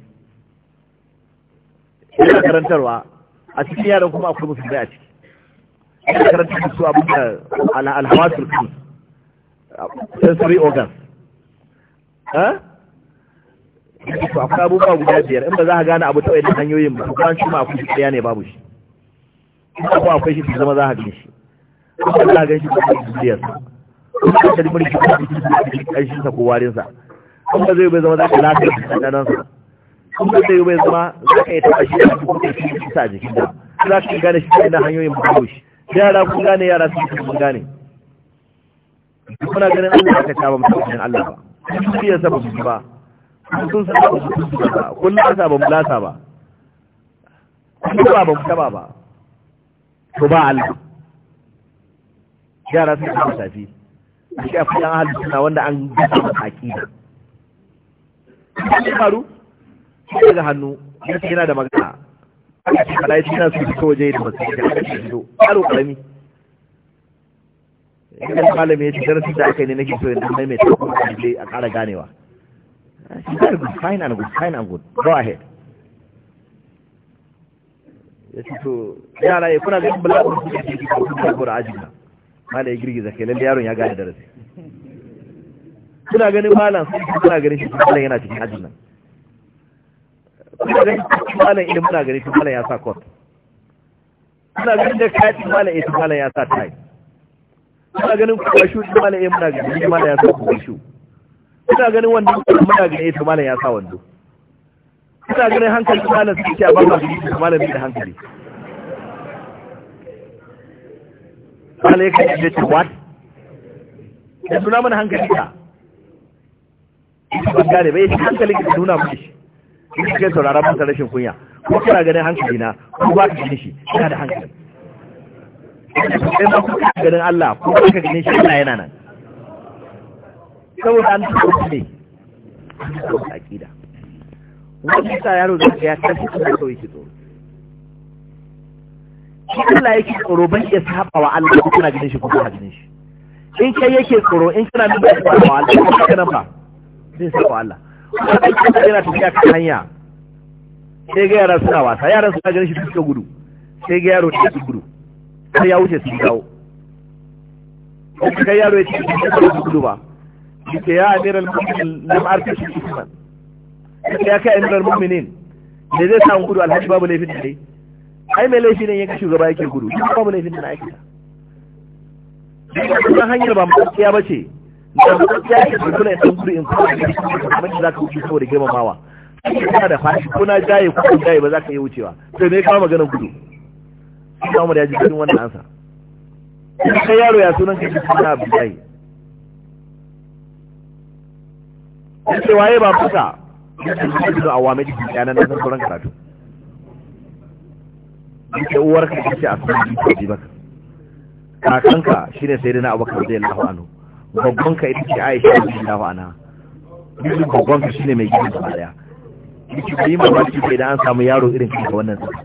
yana karantarwa a cikin yaran kuma akwai musulmai a ciki yana karantar da su abin da alhawatul kamsu sensory organs ha to akwai abubuwa guda biyar in ba za ka gane abu ta wayannan hanyoyin ba kuma shi ma akwai shi ɗaya ne babu shi kuma akwai shi zama za ka gane shi kuma za ka gane shi ba shi biyar kuma ka kalmar shi ka shi ƙarshen sa ko warin sa kuma zai bai zama za ka lafiya da ɗanan sa kuma zai bai zama za ka yi taɓa shi da kuma ka shi sa jikin da za ka gane shi ta wayannan hanyoyin babu shi yara kun gane yara sun gane muna ganin Allah aka ta ba mutum Allah ba su iya sa ba su ba sun sa ba su ba kullum asa ba mu lasa ba kullum ba ba mu taba ba to ba Allah yara sun ta tafi shi a fiyan ahal suna wanda an gasa masa aqida shi faru shi daga hannu yace yana da magana aka ce yana so fito waje da masu aka ce fito yaro karami idan malami ya ce darasin da aka yi ne nake so in mai mai tafi a je a ƙara ganewa ah, she very good fine and good fine and good go ahead ya ce to yara ya eh, kuna ganin bala'un su ke ciki ko kuma gura ajina malai ya girgiza kai lalle yaron ya gane darasi kuna ganin malam sun ci kuna ganin shi malam yana cikin ajin nan kuna ganin malam idan muna ganin shi malam ya sa kot kuna ganin da kayan malam ita eh, malam ya sa tie Kuna ganin kwashu da malam ya muna gani malam ya sa kwashu Kuna ganin wanda muna gani to malaya ya sa wando Kuna ganin hankali malam sai ya ba malam malam da hankali malam ya kai da what ya suna mana hankali ka ita ban gane bai hankali ka nuna mana shi ita ke sauraron masa rashin kunya ko kana ganin hankali na ko ba ka gani shi ina da hankali kai ma kuka ganin Allah ko kuka ganin shi Allah yana nan saboda an tafi ne an a ƙida. wani sa yaro da ya tashi kuma kawai shi tsoro shi Allah yake tsoro ban iya saba wa Allah ko kana ganin shi ko kana ganin shi in kai yake tsoro in kana nuna shi saba wa Allah ko kana fa zai saba wa Allah wani kan yana tafiya kan hanya sai ga yara suna wasa yaran suna ganin shi suka gudu sai ga yaro da gudu har ya wuce sun dawo kai yaro ya ce ya ce ya gudu ba yake ya amiral mu'minin lam arti shi kuma ya kai amiral mu'minin da zai samu gudu alhaji babu laifin da ne ai mai laifi ne yake shugaba yake gudu shi babu laifin da na aikata kuma hanyar ba mutsiya bace da mutsiya ke da kula da gudu in kuma da shi kamar za ka wuce saboda girmamawa kana da fashi ko na jaye ko jaye ba za zaka yi wucewa Sai me kawo maganar gudu ina umar ya ji ganin wannan ansa in kai yaro ya sunan kai suna abdullahi ya ce waye ba fuka ya ce ba ji da awamai da kyanan na san sauran karatu ya ce uwar ka ce a sunan jikoji baka kakanka shi ne sai dana abokan zai lahu anu babban ita ce aisha zai lahu ana yanzu babban shi ne mai gidan ba daya yake bai mamaki bai idan an samu yaro irin kanka wannan tsaka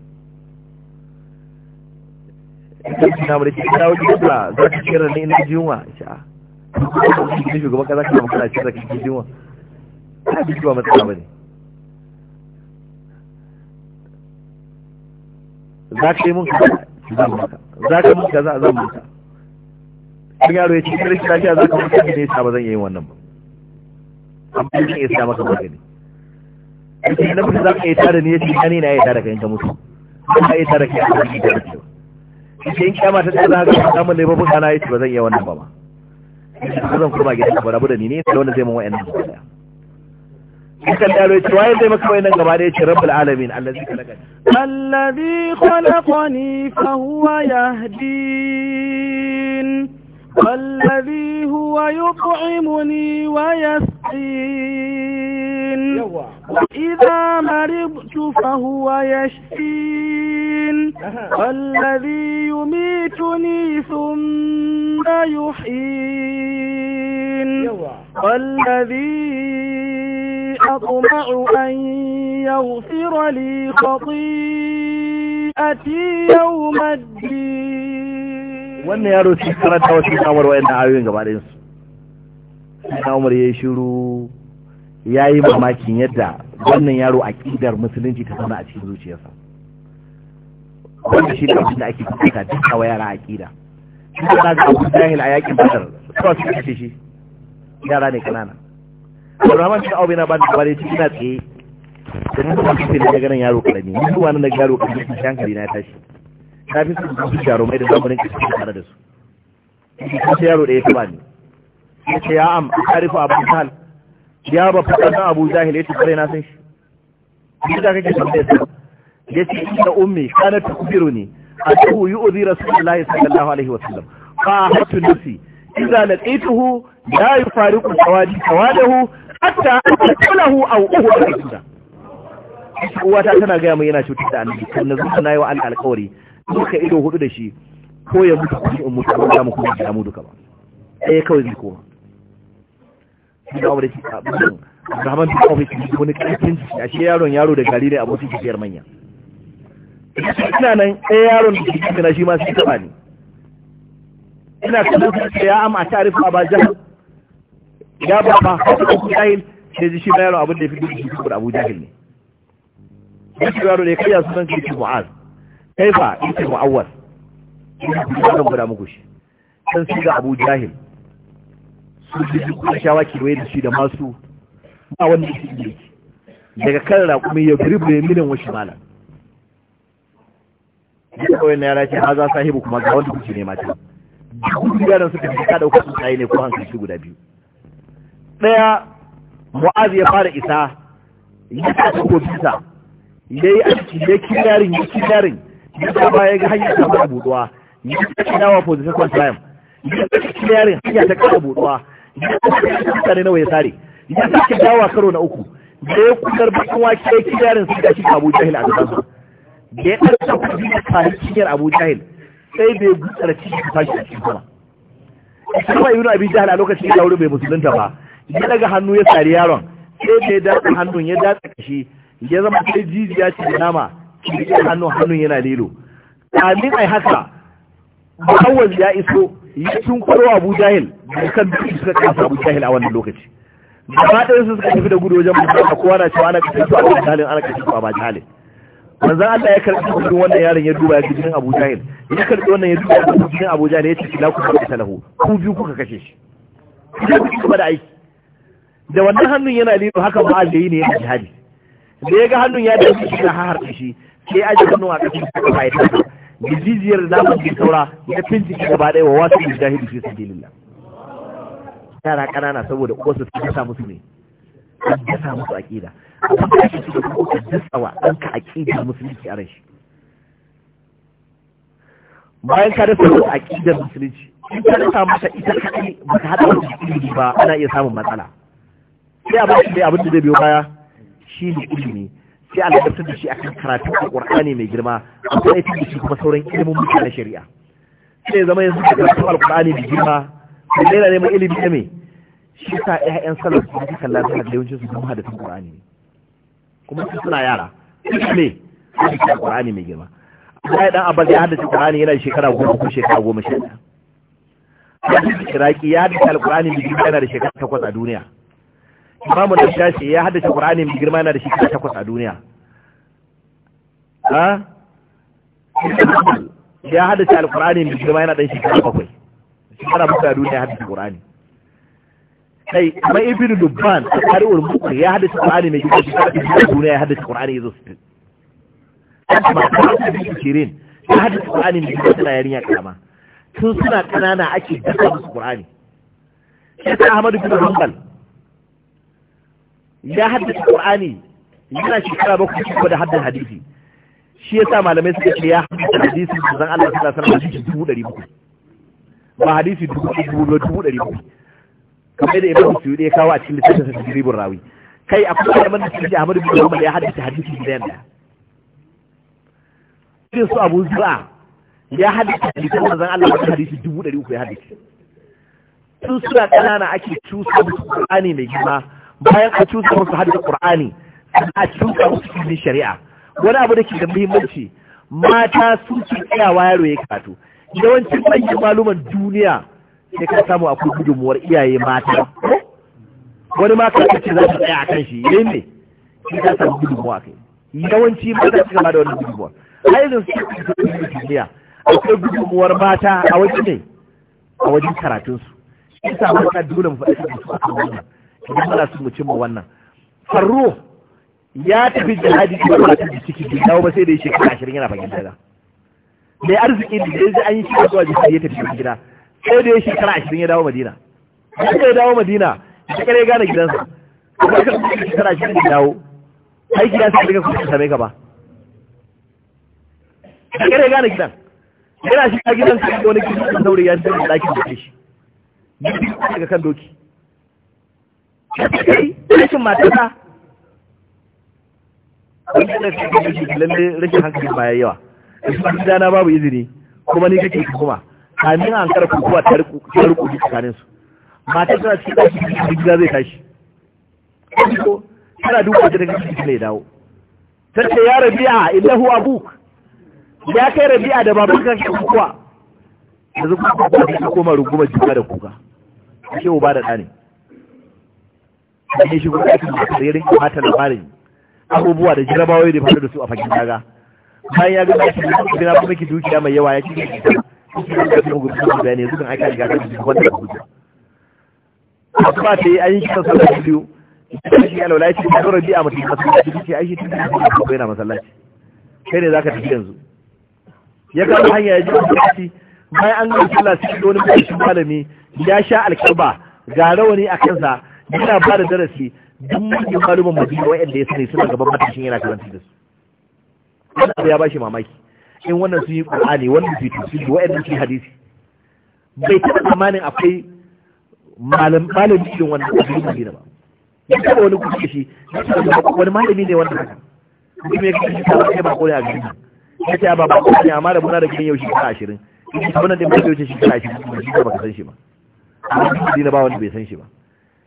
sarki na mulki ta dawo gidan da za ka kira ne na jiwa ce a ah, ne shugaban kaza kana magana ce da kake jiwa ta bi jiwa matsala bane za ka yi mun kaza zan maka za ka yi mun kaza zan maka in yaro ya ce kira shi lafiya za ka mun kaza ne ba zan yi wannan ba amma zan iya sa maka magani ake na mutu za ka yi tare ne ya ce gani na ya tare ka yanka mutu ba ya tare ka yanka mutu cikin kyama ta tsaye za ka samun laifin fuka na yace ba zan iya wannan ba ma ba zan koma gida ba rabu da ni ne sai wanda zai mun wa'annan gaba daya kan dalo yace waye zai maka wa'annan gaba daya yace rabbul alamin allazi khalaqa allazi khalaqani fa huwa yahdin والذي هو يطعمني ويسقين وإذا مرضت فهو يشفين والذي يميتني ثم يحيين والذي أطمع أن يغفر لي خطيئتي يوم الدين wannan yaro shi karanta wasu namar wayannan ayoyin gaba ɗayan su na umar ya yi shiru ya yi mamakin yadda wannan yaro aƙidar musulunci ta zama a cikin zuciyarsa wanda shi ne abin da ake kuka duka wa yara aƙida shi ta ga abu jahil a yakin badar kawai su kashe shi yara ne kanana Abdulrahman shi abu yana ba da kwari cikin na tsaye da nuna mafi da ganin yaro karami ni zuwa nan daga yaro karami shi hankali na ya tashi kafin su sun su jarumai da zamanin ka suke tare da su ta ce yaro da ya taba ne ya ce ya am a tarifa abu jahal ya ba faɗa na abu jahil ya ce kare na san shi ya da kake sun da ya ce ina ummi kana kubiru ne a tuhu yi uzi rasulullahi sallallahu alaihi wasallam fa hatu nafsi idza laqituhu fari yufariqu sawadi hu, hatta talahu aw uhu uwata tana gaya mai yana cutar da annabi kan na zuwa yi wa Allah alƙawari duka ido hudu da shi ko ya mutu ko in mutu ba za mu kuma da mu duka ba ɗaya kawai zai koma shi da aure shi a bugun Rahman bin Auf shi wani karfin jiki ashe yaron yaro da gari da abokin jikiyar manya ina nan ɗaya yaron da jiki kana shi ma sai taba ne ina kallon sai ya am a tarifu a ba jahil ya ba ba ko jahil sai ji shi yaro abin da ya fi duk jiki da Abu Jahil ne yaro ne kai ya sunan shi Mu'az kaifa yake mu'awwal zan gwada muku shi san su ga abu jahil su jiji kuma shawa kewaye da shi da masu ba wanda su yi daga kan raƙumi ya gribu ne milin wasu mala ya kawai na yara ce ha za sahibu kuma ga wanda kuke nema ta duk yaran su fi ka ɗauka su tsaye ne ko hankali shi guda biyu ɗaya mu'az ya fara isa ya ta ko bisa ya yi aiki ya kirarin ya kirarin ya dama ya ga hanyar ta fara buduwa ya kashe dawa for the second time ya kashe yarin hanyar ta kara buɗuwa ya kashe mutane nawa ya sare ya sake dawa karo na uku da ya kudar bakin wake ya yarin sai gashi ga Abu Jahil a gaban da ya ɗarsa kuɗi da tare cikin Abu Jahil sai bai gutsara cikin tashi a cikin sama kuma ibnu abin jahal a lokacin da wuri bai musulunta ba ya daga hannu ya sari yaron sai bai ya hannun ya datsa kashi ya zama sai jijiya ce da nama ki hannu hannun yana lilo kamin ai haka awwal ya iso ya tunkuro Abu Jahil da kan duk suka kafa Abu Jahil a wannan lokaci gaba ɗaya su suka tafi da gudu wajen mutum kowa na cewa ana kashe su Abu jahilin ana kashe su Abu jahilin manzan Allah ya karɓi kudin wannan yaron ya duba ya ji jinin Abu Jahil ya karɓi wannan ya duba ya ji jinin Abu Jahil ya ce kila ku ta lahu, ku biyu kuka kashe shi ya ku kuma da aiki da wannan hannun yana lilo haka ma ajayi ne ya hali. da ya ga hannun ya da shi na har shi ke aji hannu a ƙasar da aka fayar da jijiyar zaman da saura ya fincike gaba ɗaya wa wasu da jahidu fi sabilillah yara ƙanana saboda su ta sa musu ne an sa musu aƙida abin da su da kuka ka an ka ɗanka musulunci a rashi bayan ka dasa musu aƙidar musulunci in ka dasa masa ita kaɗai ba ka haɗa musu ilimi ba ana iya samun matsala sai abin da zai biyo baya shi ne ilimi sai an gabatar da shi a kan karatun ƙur'ani mai girma a kwaitar da shi kuma sauran ilimin mutane shari'a sai zama yanzu da karatu alƙur'ani mai girma sai daina neman ilimi ne mai shi sa ƴaƴan salon su ji kalla da yawancin su zama hadisin ƙur'ani kuma su suna yara ne hadisin ƙur'ani mai girma Allah dan da ya haddace Qur'ani yana shekara goma ko shekara goma sha ɗaya. Hadisi Shiraki ya haddace al da girma yana da shekara takwas a duniya. imamu al shashi ya haddace qur'ani mai girma yana da shekara takwas a duniya ya haddace Alƙurani mai girma yana da shekara bakwai shekara bakwai a duniya ya haddace qur'ani sai mai ibn dubban a tarihin mutum ya haddace qur'ani mai girma shekara bakwai a duniya ya haddace qur'ani yazo sittin su fi. Ya haddace qur'ani mai girma na yarinya karama tun suna ƙanana ake dafa musu qur'ani shi ta ahmadu bin hanbal ya haddasa qur'ani yana shekara bakwai shi da haddan hadisi shi yasa malamai suka ce ya haddasa hadisi da zan Allah sallallahu alaihi wasallam hadisi dubu ɗari bakwai ba hadisi dubu dubu dubu ɗari bakwai kamar da ibnu suyudi ya kawo a cikin littafin sa tajribur rawi kai akwai malamai da suke Ahmad bin Umar ya haddasa hadisi da yanda irin su Abu Zura ya haddasa da zan Allah da hadisi dubu ɗari uku ya haddasa tun suna ƙanana ake cusa musu Qur'ani mai girma bayan a cuta musu hadda qur'ani a cuta musu cikin shari'a wani abu da ke da muhimmanci mata sun ce tsayawa yaro ya karatu yawancin manyan maluman duniya sai ka samu akwai gudunmuwar iyaye mata wani ma ka ce za ta tsaya a kan shi yayin ne shi ka samu gudunmuwa kai yawanci mata su gaba da wani gudunmuwa a yanzu su ke da duniya akwai gudunmuwar mata a wajen ne a wajen karatunsu shi sa mata dole mu faɗi su a kan wannan idan muna su mu wannan farro ya tafi jihadi da ba ta ciki da dawo ba sai da shekara ashirin yana fagen daga mai arziki da yanzu an yi shiga zuwa jihadi ya tafi gida sai da ya shekara ashirin ya dawo madina haka ya dawo madina da kare gane gidansa kuma ka kuma shekara ashirin ya dawo aiki ya sai daga kuma same ka ba da kare gane gidan yana shiga gidan sai wani gidan saurayi ya zai da ɗakin da shi ne daga kan doki ya ce kai rashin matata wani da fi kai shi lalle rashin hankali ba yawa da su ba na babu izini kuma ni kake kuma kamin an kara kukuwa ta riku ji tsakanin su matar tana cikin ɗaki da gida zai tashi ko tana duka ta daga cikin mai dawo ta ce ya rabi'a illahu abuk ya kai rabi'a da babu kan kukuwa yanzu kuma ba ta koma rungumar jika da kuka ashe uba da ɗa ne da ya shigo ɗakin matar ya rinka mata labarin abubuwa da jarabawa da faru da su a fagen daga bayan ya gaba shi da kuma kuma ki dukiya mai yawa ya ci da ita shi da kuma gurbin da bayani zukan aika riga ta cikin wanda ta huta ba ta yi an yi kisan sallah biyu Ya shi ya laula shi da rabbi a mutum masallaci duke ai shi tun da kuma yana masallaci kai ne za ka tafi yanzu ya kama hanya ya ji masallaci bayan an gama sallah sai wani mai malami ya sha alkaba ga rawani a kansa yana ba da darasi duk manyan malumin madina wa'anda ya sani suna gaban matashin yana karanta da su wannan abu ya bashi mamaki in wannan sun yi qur'ani wannan su yi tafsiri wa'anda su yi hadisi bai taɓa tsammanin akwai malam malam cikin wannan abin madina ba ya taɓa wani kuke shi wani malami ne wanda haka mutum ya kashi ta wani ba kore a gari ya ce ah, ba ba kore ne amma da muna da gidan yau shekara ashirin wannan ɗin ba zai wuce shekara ashirin ba shi ba ka san shi ba amma duk madina ba wanda bai san shi ba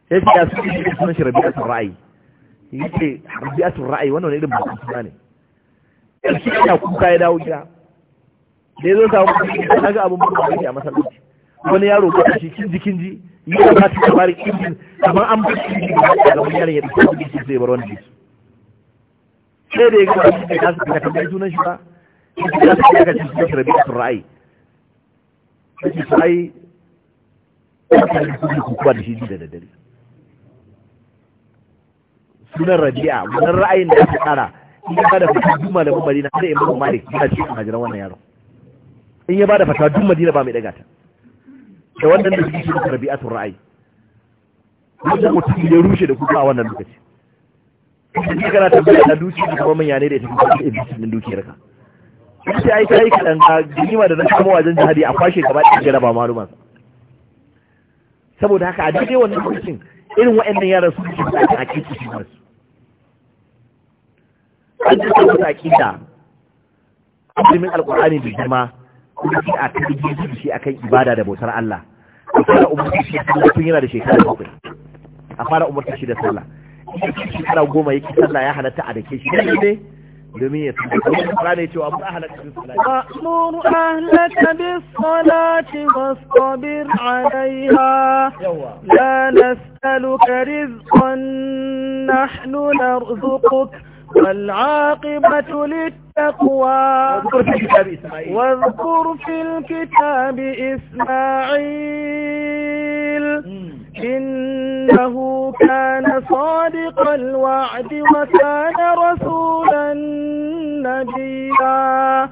sai ce ya suke shi sunan shi rabi'atun ra'ayi yace rabi'atun ra'ayi wani irin bakon suna ne shi yana kuka ya dawo gida da ya zo samu kuma na ga abin bakon da a masallaci wani yaro ko shi kinji kinji yi da ba ta kinji kamar an bar kinji da ga wani ya dauki su shi zai bar wani sai da ya ga da kasu ka tambayi shi su ra'ayi sai yi da shi da daddare sunan rabi'a wannan ra'ayin da aka tsara in ya bada fata duk malamin madina sai imam malik yana cikin hajjira wannan yaro in ya bada fata duk madina ba mai daga ta da wannan da suke cikin tun ra'ayi wanda mutum ya rushe da kuka a wannan lokaci Da ni kana tambaya da dukiya da kuma manya ne da ita kuma da ibsin dukiyar ka in sai ai aika dan ka gima da na kama wajen jihadi a kwashe gaba da jaraba maluma saboda haka a daidai wannan lokacin irin wa'annan yaran su ne a cikin cikin su an ta samu da akida ilimin alkur'ani da girma kuma shi a kan gizi shi kan ibada da bautar Allah a fara umarci shi sallah tun yana da shekara bakwai a fara umarci shi da sallah shi shekara goma yake sallah ya halatta a dake shi ne domin ya sallah kuma fara ne cewa mun ahlaka bis salati ma'muru ahlaka bis salati wastabir alaiha la nas'aluka rizqan nahnu narzuquka والعاقبة للتقوى واذكر في الكتاب إسماعيل إنه كان صادق الوعد وكان رسولا نبيا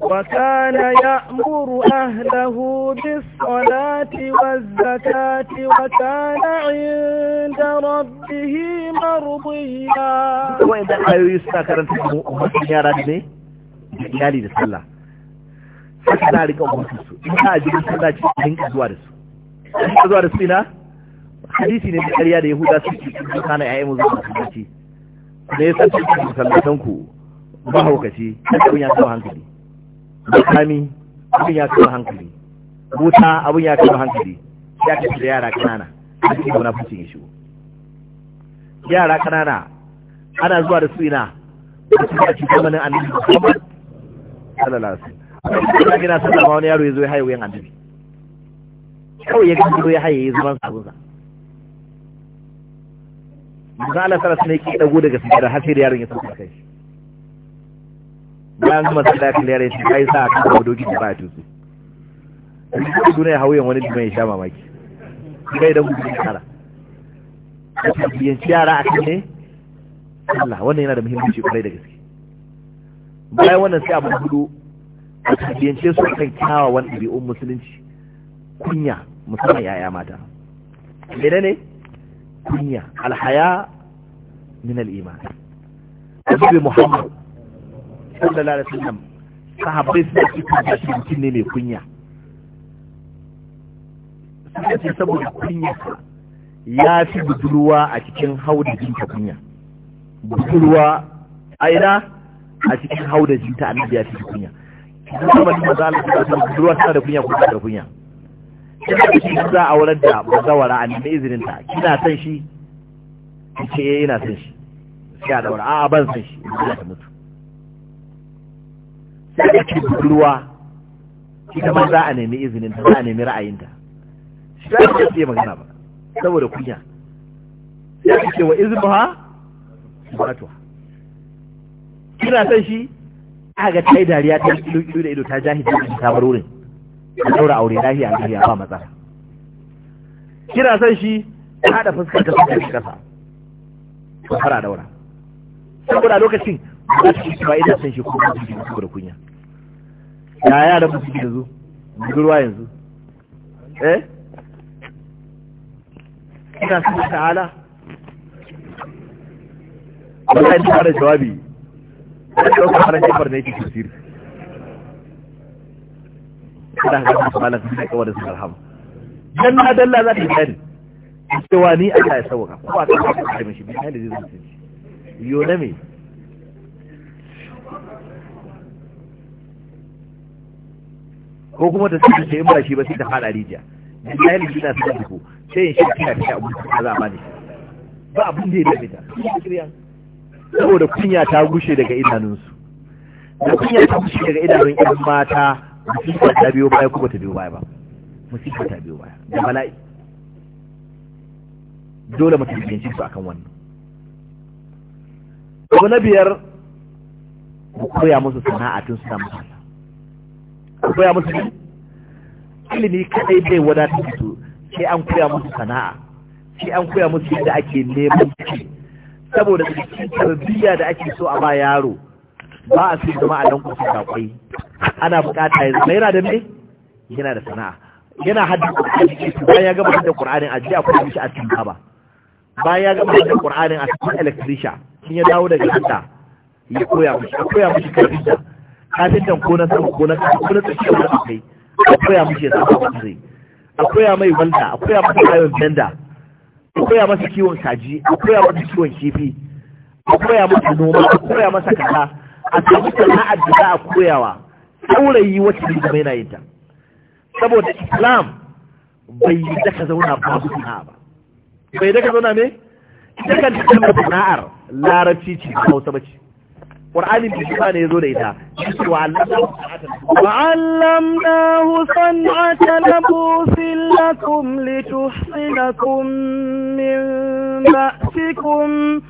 وكان يأمر أهله بالصلاة والزكاة وكان عند ربه مرضيا وإذا آيوي ساكرا تسمو أمسي يا ربي يالي دي صلاة فكنا لك أمسيسو إنا أجل صلاة جنك أزوارسو أجل أزوارسو إنا حديثي نبي da ƙarya da yahuda كان cikin kana ya yi mu zuwa masallaci da ya san cikin masallatan ku ba haukaci ta ya kawo hankali makami abin ya kama hankali buta abin ya kama hankali ya tafi da yara kanana a cikin munafucin ya shigo yara kanana ana zuwa da su ina da su ba cikin zamanin annabi Muhammad sallallahu alaihi wasallam ana gina sallama wani yaro ya zo ya haye wuyan annabi kawai ya zo ya haye ya zama sabon sa musa ala sallallahu alaihi wasallam yake dago daga sujada har sai da yaron ya sauka kai bayan gama sai da kalli yaran shi kai sa a kan doki da ba tuzu duk duniya hauyen wani jima'i ya sha mamaki kai da gudu kara yanci yara a kan ne Allah wannan yana da muhimmanci kwarai da gaske bayan wannan sai abu hudu a tarbiyance su kan wani ɗabi'un musulunci kunya musamman yaya mata mene ne kunya alhaya min al-iman Muhammad sallallahu alaihi wasallam sahabbai suna cikin da shi mutum ne mai kunya suka ce saboda kunya ya fi budurwa a cikin haudajin jinta kunya budurwa a ina a cikin haudajin jinta annabi ya fi kunya kuma kuma ni maza Allah ta san budurwa tana da kunya kuma ta da kunya kina da shi za a wurin da bazawara a nemi izinin ta kina san shi ce eh, ina san shi sai a daura a ban san shi ya mutu da ake budurwa shi ma za a nemi izinin ta za a nemi ra'ayinta shi za a ce magana ba saboda kunya sai ake cewa ba tuwa kina san shi aga ta yi dariya ta yi ido da ido ta jahidi da ta bar wurin ta daura aure lahiya lahiya ba matsala kina san shi ta haɗa fuskar ta fuskar kasa ta fara daura saboda lokacin ba su ba ina san shi kuma shi ji da kunya ya yaran mu suke yanzu ruwa yanzu eh ina su ta'ala wala yin fara jawabi wani ɗaukar fara jefar na yake tafsiri ina ga su malam su daga wani da su dan na dalla za ta yi tsari cewa ni Allah ya sauka ko a kan da bi na da zai zai yo na me ko kuma ta sai ta ba shi ba sai ta fada rijiya dan sai liji da sai ku sai in shi kina ta abu ta za a bani ba abun da ya dabe ta saboda kunya ta gushe daga idanunsu da kunya ta gushe daga idanun ƴan mata musifa ta biyo baya kuma ta biyo baya ba musifa ta biyo baya da bala'i dole mutum ya su akan wannan abu na biyar mu koya musu sana'a tun suna mutane koya musu ne ilimi kadai bai wadatar da su sai an koya musu sana'a sai an koya musu yadda ake neman ci saboda cikin tarbiyya da ake so a ba yaro ba a su zama a dan kusa sakwai ana bukata ya zama yana da me yana da sana'a yana da hadda su bayan ya gama hadda Qur'ani a jiya ko shi a cikin ba bayan ya gama da Qur'ani a cikin electricia sun ya dawo daga hanta ya koya mishi ya koya mishi karfinta kafintan ko na sama ko na sama ko na tsakiyar wani akai a koya mishi ya saba wani zai a koya mai wanda a koya masa kayan benda a koya masa kiwon kaji a koya masa kiwon kifi a koya masa noma a koya masa kaza a samu sana'ar da za a koyawa saurayi wacce ne zama yana yin ta saboda islam bai yi daga zauna babu sana'a ba bai daga zauna ne ita kan kalmar sana'ar larabci ce hausa ba ce da shi ne ya zo da ita wa'allamnahu san'ata labusin lakum lituhsinakum min ba'sikum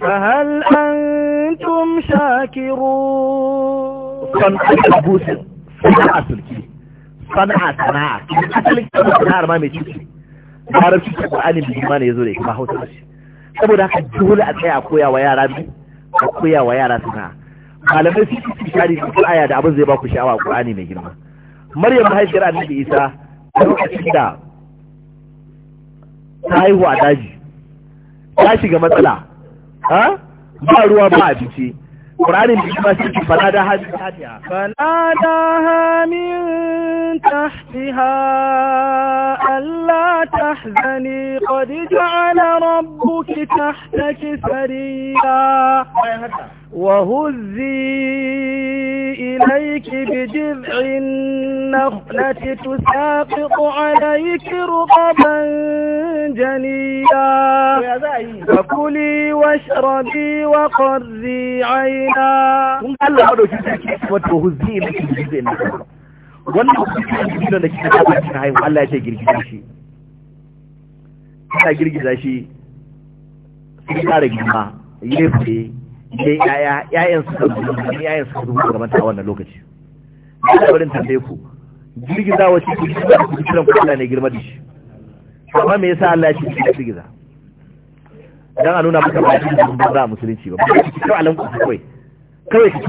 fahal antum shakirun san'ata labusin sana'a sulki sana'a sana'a asalin kamar sana'ar ma mai ciki larabci ta da bishima ne ya zo da ita ba shi. saboda haka dole a tsaya koya wa yara biyu ka koya wa yara sana'a malamai su ci tsari su aya da abin zai ba ku sha'awa Qur'ani mai girma Maryam mahaifiyar Annabi Isa a lokacin da ta haihu a daji ta shiga matsala ba ruwa ba abinci ƙuranin da kuma shi fanada ha min tahtiha fanada ha min tahtiha alla tahzani qad ja'ala rabbuki tahtaki sariya bayan haka وهزي إليك بجذع النخلة تساقط عليك رطبا جنيا فكلي واشربي وقري عينا وهزي إليك بجذع النخلة wannan kusurin da kika taba cikin haihu Allah ya ce girgiza shi ana girgiza shi sai ƙara girma yi ne ne yaya yayan su ne yayan su rubu gaban ta wannan lokaci ina barin tambaye ku girgiza wace ku girgiza ku kiran ku Allah ne girma da shi amma me yasa Allah ya ce ki girgiza dan a nuna maka ba shi da musulunci ba ba ki kawai alan ku kawai kawai ki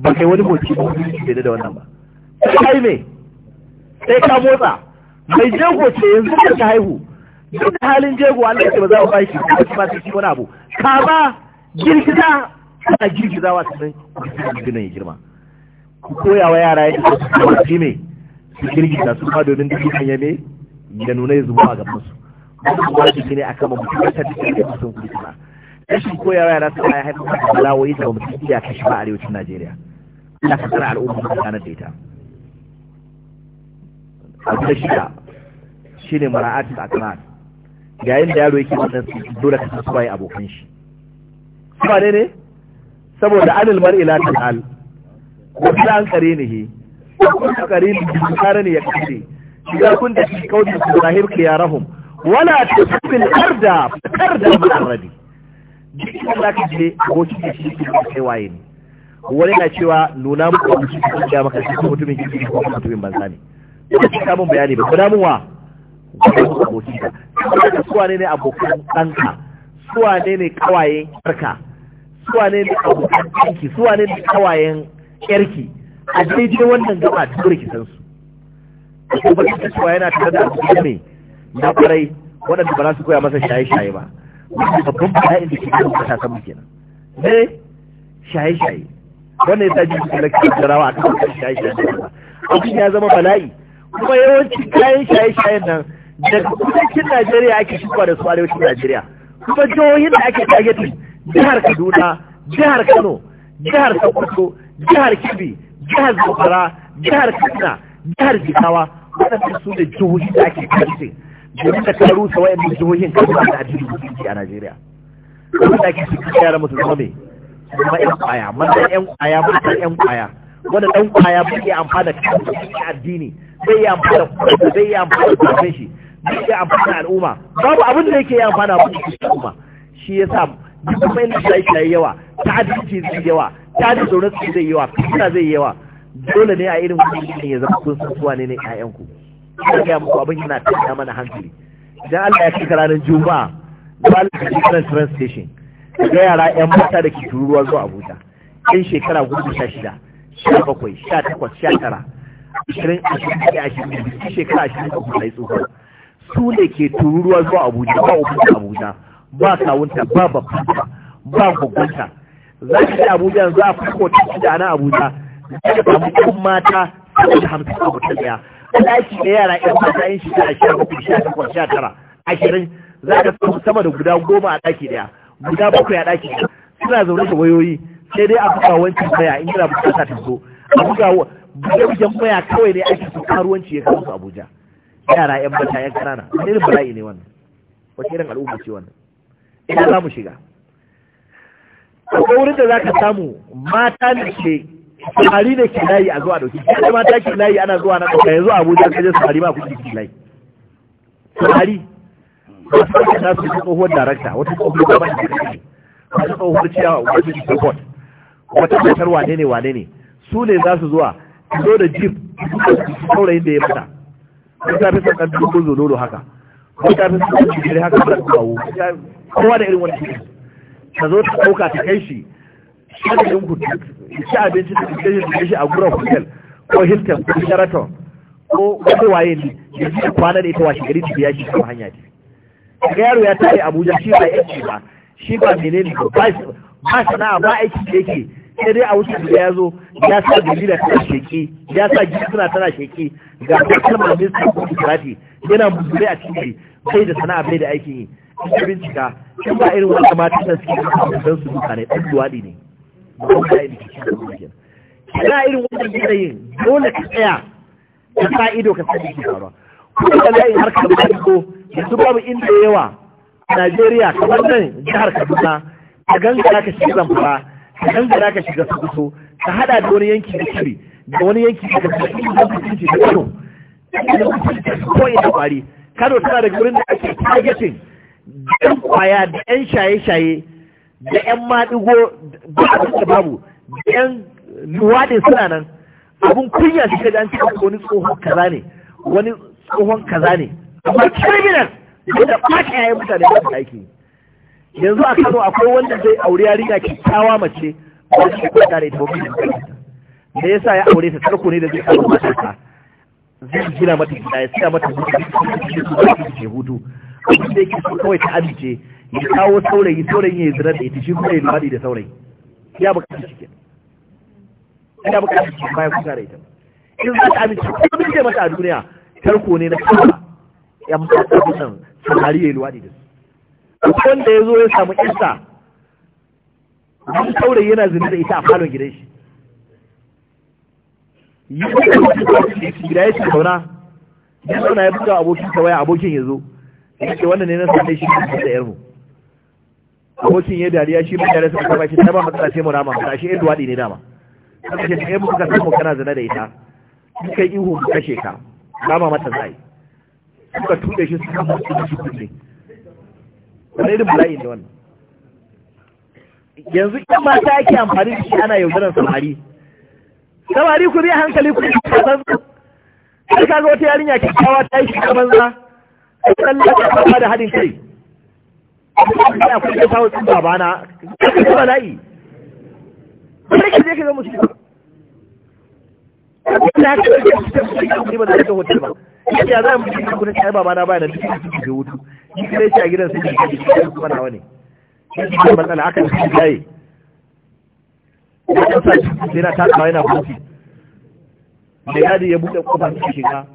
ba kai wani boci ba ki da wannan ba sai me sai ka motsa mai jego ce yanzu ka haihu duk halin jego Allah ya ce ba za a ba shi ba shi wani abu ka ba girgiza suna girgizawa su sai gidan ya girma ku koya wa yara yadda su kuma shi ne su girgiza su ma domin duk kan yame ya nuna ya zuwa a musu wannan kuma shi ne akan mu kuma ta duk da musu kuma kuma rashin koya wa yara su ya haifar da balawoyi da mutum iya kashi ba a arewacin Najeriya ina ka tsara al'umma ta kanar da ita abu da shida shine mara'atul akran yayin da yaro yake wannan dole ka tsaya abokan shi ba ne ne saboda anil mar'i ila ta'al ko fi an qarinihi kun kare karani ya kare idan kun da kaudin su zahir khiyarahum wala tusbil arda arda ma'arabi jikin da ka je goci da shi ke kai waye ne wani na cewa nuna muku wani shi ya maka shi mutumin ki ko mutumin banza ne ko shi kamun bayani ba kuna muwa wani ko kuma ka suwa ne ne abokan ɗanka suwa ne ne kawayen karka suwane da abokan aiki suwa da kawayen yarki a daidai wannan gaba ta ki san su kuma ta cewa yana tare da abokan ne na kwarai waɗanda ba za su koya masa shaye-shaye ba wanda babban bayan da ke da san samu kenan ne shaye-shaye wannan ya taji da lakar jarawa a kan shaye-shaye da abin ya zama bala'i kuma yawancin kayan shaye-shayen nan daga kudancin Najeriya ake shigowa da su arewacin Najeriya kuma jihohin da ake targeting jihar kaduna jihar kano jihar sokoto jihar kebbi jihar zamfara jihar katsina jihar jigawa waɗannan su ne jihohi da ake karfe domin da ka rusa wayannan jihohin kaduna zama da addini musulunci a najeriya kuma da ake shiga yara musu zama mai zama yan kwaya manzan yan kwaya manzan yan kwaya wanda dan kwaya bai iya amfana kansa cikin addini bai yi amfana kansa bai yi amfana da shi bai yi amfana al'umma babu abin da yake yi amfana abin da yake al'umma shi yasa duk mai na shayi shayi yawa ta'addanci zai yawa ta'addanci tsoron su zai yawa fitina zai yawa dole ne a irin wannan ya zama kun san suwa ne ne ƴaƴanku ina ga muku abin yana tada mana hankali idan Allah ya kai ranar juma'a ba Allah ya ka kira train station ga yara ƴan mata da ke tururuwa zuwa Abuja ƴan shekara goma sha shida sha bakwai sha takwas sha tara ashirin ashirin da ashirin shekara ashirin da kuma tsoho su ne ke tururuwa zuwa Abuja ba ubansu Abuja ba kawunta ba babbanta ba gwaggwanta za ka ji abuja za a fuko ta da ana abuja za ka samu kun mata sama da hamsin a mutum ɗaya daki da yara ɗan mata yin shekara sha bakwai sha takwas sha tara ashirin za ka samu sama da guda goma a ɗaki ɗaya guda bakwai a ɗaki ɗaya suna zaune da wayoyi sai dai a buga wancan baya in yana bukata ta so a buga wajen baya kawai ne ake so karuwanci ya kawo su abuja yara yan mata yan ƙanana wani irin bala'i ne wannan Wani irin al'umma ce wannan ina za mu shiga ko wurin da za ka samu mata ne ke samari ne ke layi a zuwa dauki mata ke layi ana zuwa na ɗauka yanzu abuja kaje samari ma kuɗi ke layi samari masu ɗauka ta su tsohuwar darakta wata tsohuwar ba da ke wata tsohuwar ciyawa wata jikin bot wata tsohuwar wane ne wane ne su ne za su zuwa zo da jip saurayin da ya mata ta fi son ɗan zo zololo haka ta fi son ɗan haka ba da kowa da irin wani shi ta zo ta ɗauka ta kai shi shagalin hotel ci abinci da kai shi kai shi a gurin hotel ko hilton ko sheraton ko wani waye ne ya ji kwana da ita washe gari ta biya shi kawai hanya ce ga yaro ya tare abuja shi ba aiki ba shi ba menene ba ba sana'a ba aiki da yake sai dai a wuce da ya zo ya sa dalila tana sheke ya sa gisuna tana sheke ga kalmar minista ko kirati yana buzure a cikin bai da sana'a bai da aikin yi ta bincika in ba irin wanda mata da suke kama don su duka ne ɗan duwaɗi ne ba kuma ya yi da mulkin kira irin wannan yanayin dole ka tsaya ka sa ido ka sani ke faruwa kuma da layin harkar ko yanzu babu inda yawa a Najeriya kamar nan jihar Kaduna ka gangara ka shiga Zamfara ka gangara ka shiga Sokoto ka hada da wani yanki da Shiri da wani yanki da Kaduna da Kudanci da da ko ina kwari Kano tana da gurin da ake targeting kwaya da yan shaye-shaye da yan maɗigo da a da babu da yan luwaɗin suna nan abin kunya shi da an ce wani tsohon kaza ne wani tsohon kaza ne amma kirminan da ɓata yayin mutane ba su aiki yanzu a kano akwai wanda zai aure yarinya kyakkyawa mace ba shi ko da ita ba da ya sa ya aure ta tarko ne da zai kawo mata zai gina mata gida ya siya mata gida. Ya hutu abin da yake so kawai ta amince ya kawo saurayi saurayi ya zira da ita shi kuma ya luwaɗi da saurayi ya bukaci cikin, kenan ya bukaci cikin baya kusa da ita in za ta amince kuma bin zai mata a duniya tarko ne na kawai ya musa ta kusan samari ya yi luwaɗi da su wanda ya zo ya samu isa wani saurayi yana zina da ita a falon gidan shi yi da ya ce zauna ya zauna ya buga abokin waya abokin ya zo yake wannan ne na sanda shi da yar mu abokin ya dariya shi mai dariya suka saba shi ta ba matsala sai mu rama ta shi yadda wadi ne dama kuma ce ɗaya muka samu kana zana da ita kai ihu ka kashe ka rama mata zai suka tuɗe shi suka mutu da shi kuɗi wani irin bala'i ne wannan yanzu in mata ake amfani da shi ana yaudarar samari samari ku biya hankali ku ne kasan su sai wata yarinya kyakkyawa ta yi shi banza Allah ka da hadin kai ina kun ba Kuma ka zama da hotel ba ya mu babana da duk ke wutu kai shi a gidan su ne kuma shi ne matsala shi ya sa shi yana ta kawai na kuci da gadi ya buɗe kofar shi shiga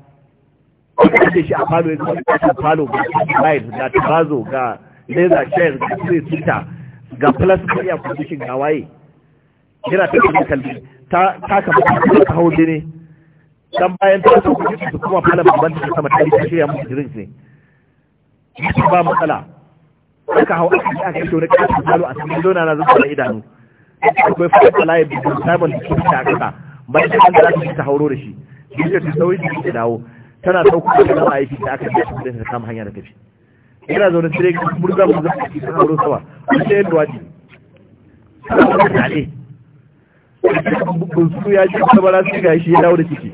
wanda ake shi a falo ya zama kashin falo ga light ga tabazo ga laser shares ga three seater ga plus kariya condition ga waye yana ta kuma kalbi ta ta kama ta hau ne dan bayan ta so kuma su kuma fara babban ta sama ta ta shirya musu drinks ne ba matsala aka hau aka yi aka yi wani kashin falo a cikin zona na zuwa da idanu akwai fata layi biyu simon da ke ta kasa bayan ta kan da ta hauro da shi Bisa ta sauyi da ke dawo, tana saukuka da gama aiki da aka yi shi ta kama hanya da tafi yana zaune sai ga burga burga a cikin aure sama, an sai yadda waje tare su ya ji ba sai ga shi ya dawo da ciki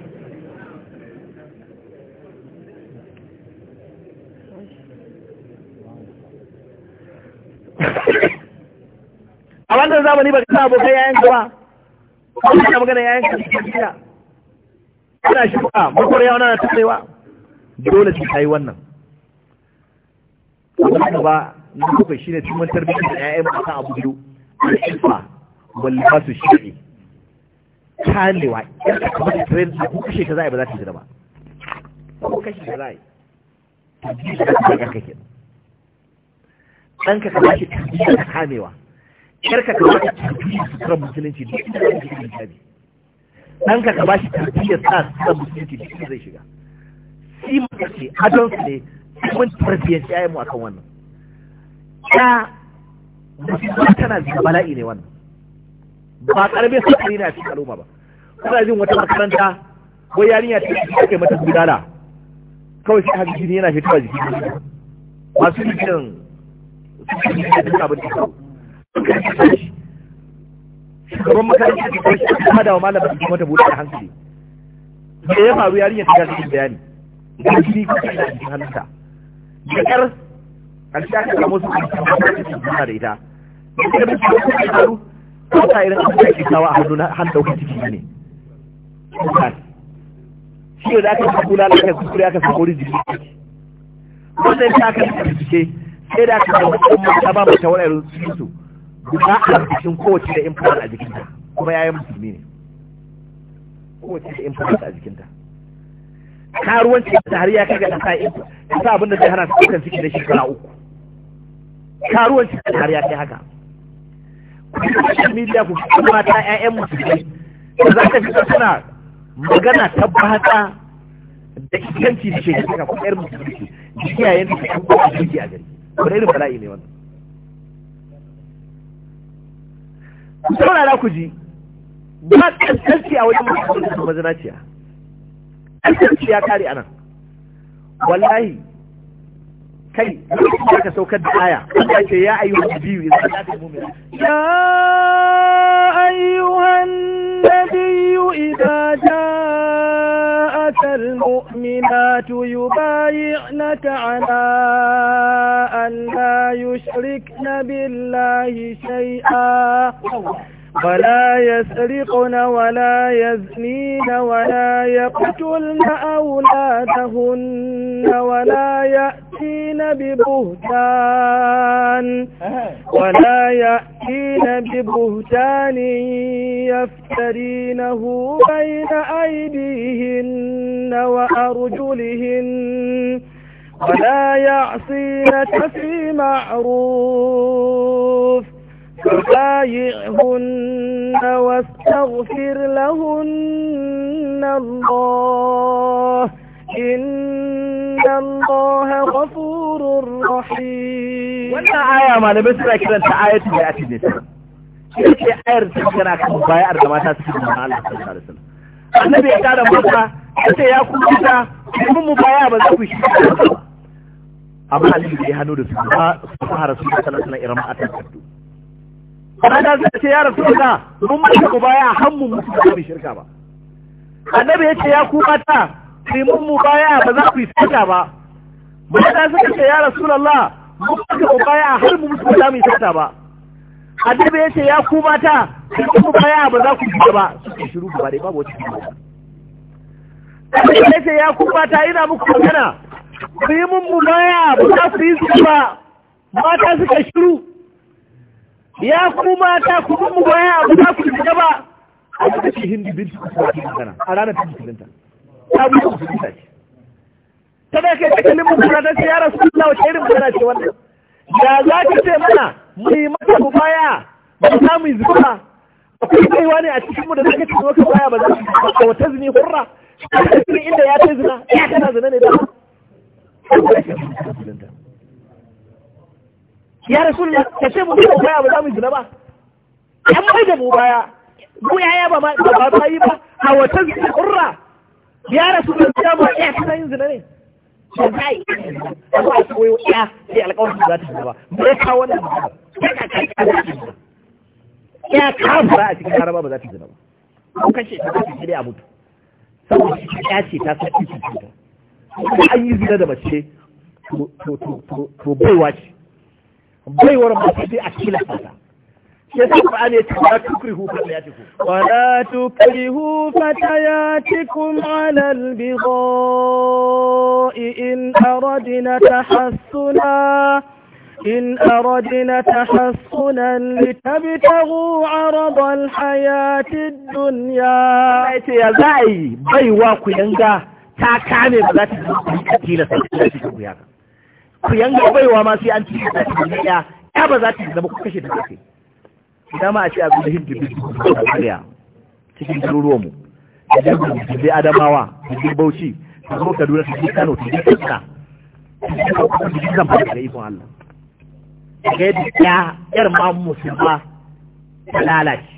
a wannan zamani ba ka abokai yayin gaba ba ka magana yayin ka cikin ana shuka makwarya wani na tattaiwa dole su ta yi wannan wanda ba na kuka shi ne cimman tarbiyyar da 'ya'yan mata abu biyu a shifa wallafa su shi'i kanewa yan ka kamar da tren a ko kashe ka za a yi ba za ta jira ba ko kashe ka za a yi tarbiyyar da ta ga kake ɗanka ka ba shi da kamewa yarka ka ba shi tarbiyyar suturar musulunci duk inda za ka shiga ɗanka ka ba shi tarbiyyar sa san musulunci da shi zai shiga shi mata ce su ne mun tarbiyyar shi mu akan wannan ya musulman tana zika bala'i ne wannan ba karbe su ne na cikin al'umma ba kuna jin wata makaranta wai yarinya ta yi ake mata gudana kawai sai haka jini yana fitowa jiki masu jikin su ne da duka abin da kamar makarantar da kwanci a kuma da wa malam da kuma ta bude a hankali da ya faru ya rinya tagar cikin bayani da shi ne kuka ina jikin hannunta da ƙar ƙarshe aka samu su kuma kuma kuma kuma kuma da ita da ita bin kuma kuma kuma Ta kuma irin kuma kuma kuma kuma kuma kuma kuma kuma kuma kuma shi. shi da aka yi kula da kai yi kuskure aka samu wurin jiki Wannan ta sa aka yi karfice sai da aka samu kuma ta ba mai tawar a yanzu su ba a jikin kowace da implant a jikinta kuma yi musulmi ne kowace da implant a jikinta karuwanci ta har ya ga ta sa ta abinda abin da zai hana sukan ciki na shekara uku karuwanci ta har ya kai haka social media ku kuma ta ƴaƴan musulmi da za ka fita suna magana ta bata da ikanci da shekara ko ƴar musulmi ce jikiyayen ta kan kowace a gari kuma irin bala'i ne wannan saurara ku ji ba kaskanci a wajen mutum da mazinaciya kaskanci ya kare anan wallahi kai aka saukar da aya aka ce ya ayyuhan nabiyyu idan ka tafi mu'mina ya ayyuhan nabiyyu idza ja'aka almu'minatu yubayyi'naka ala an la yushrikna billahi shay'a ولا يسرقن ولا يزنين ولا يقتلن أولادهن ولا يأتين ببهتان ولا يأتين ببهتان يفترينه بين أيديهن وأرجلهن ولا يعصينك في معروف بايعهن واستغفر لهن الله إن الله غفور رحيم wannan aya malamai suna kiranta ayatu da ake ne ce ayar ta kana kan bayar da mata suke da Allah sallallahu alaihi wasallam annabi ya kada mata yace ya ku kita mun mu baya ba za ku shi amma halin da ya hano da su ha su fara su sallallahu alaihi ana zai ce ya rasu da mun mace ku baya hannun mutu da abin shirka ba annabi ya ce ya ku mata sai mun mu baya ba za ku yi shirka ba mata suka ce ya rasu Allah mun mace ku baya har mu mutu da mu shirka ba annabi ya ce ya ku mata sai mun mu baya ba za ku yi ba ke shiru ba dai babu wata shirka annabi ya ce ya ku mata ina muku magana sai mun mu baya ba za ku yi shirka ba mata suka shiru ya kuma ta kuma mu baya abu za ku ji ba a ta ce hindi bin su kusa ta magana a ranar ta musulunta ta wuce musulunta ce ta da kai cikin limin kuma ta ce ya rasu Allah wace irin kuma ce wannan ya za ka ce mana mu yi mata mu baya ba za mu yi zuba akwai kaiwa ne a cikin mu da zaka ce maka baya ba za su yi ba wata zini hurra inda ya ta zina ya tana zina ne da ba. ya rasulullah ka ce mu ko baya ba za mu gina ba an mai da mu baya mu yaya ba ma ba ba yi ba a wata zina kurra ya rasulullah ya ba ya kana yin zina ne to kai ba ta koyo ya sai alƙawarin za ta gina ba me ya kawo wannan ya kafara a cikin haraba ba za ta gina ba ko kashe ta kashe dai a mutu saboda ya ce ta san cikin ta an yi zina da mace to baiwa ce baiwar ba sai a ne ta ba Qur'ani yace ya ci fatayatikum wa la tukrihu fatayatikum 'ala al-bigha'i in aradna tahassuna إن أردنا تحصنا لتبتغوا عرض الحياة الدنيا يا زاي بيواكو ينجا تاكامي بلاتي تكيلة تكيلة تكيلة ku yanga baiwa ma sai an ci ta ya ya ba za ta zama ku kashe da kake idan ma a ce abin da hindu bi Najeriya cikin garuruwan mu idan jirgin da adamawa da bauchi da kuma kaduna da jirgin kano da jirgin kano ku jirgin kan fara da ikon Allah ga yadda ya yar ma musulma ta lalace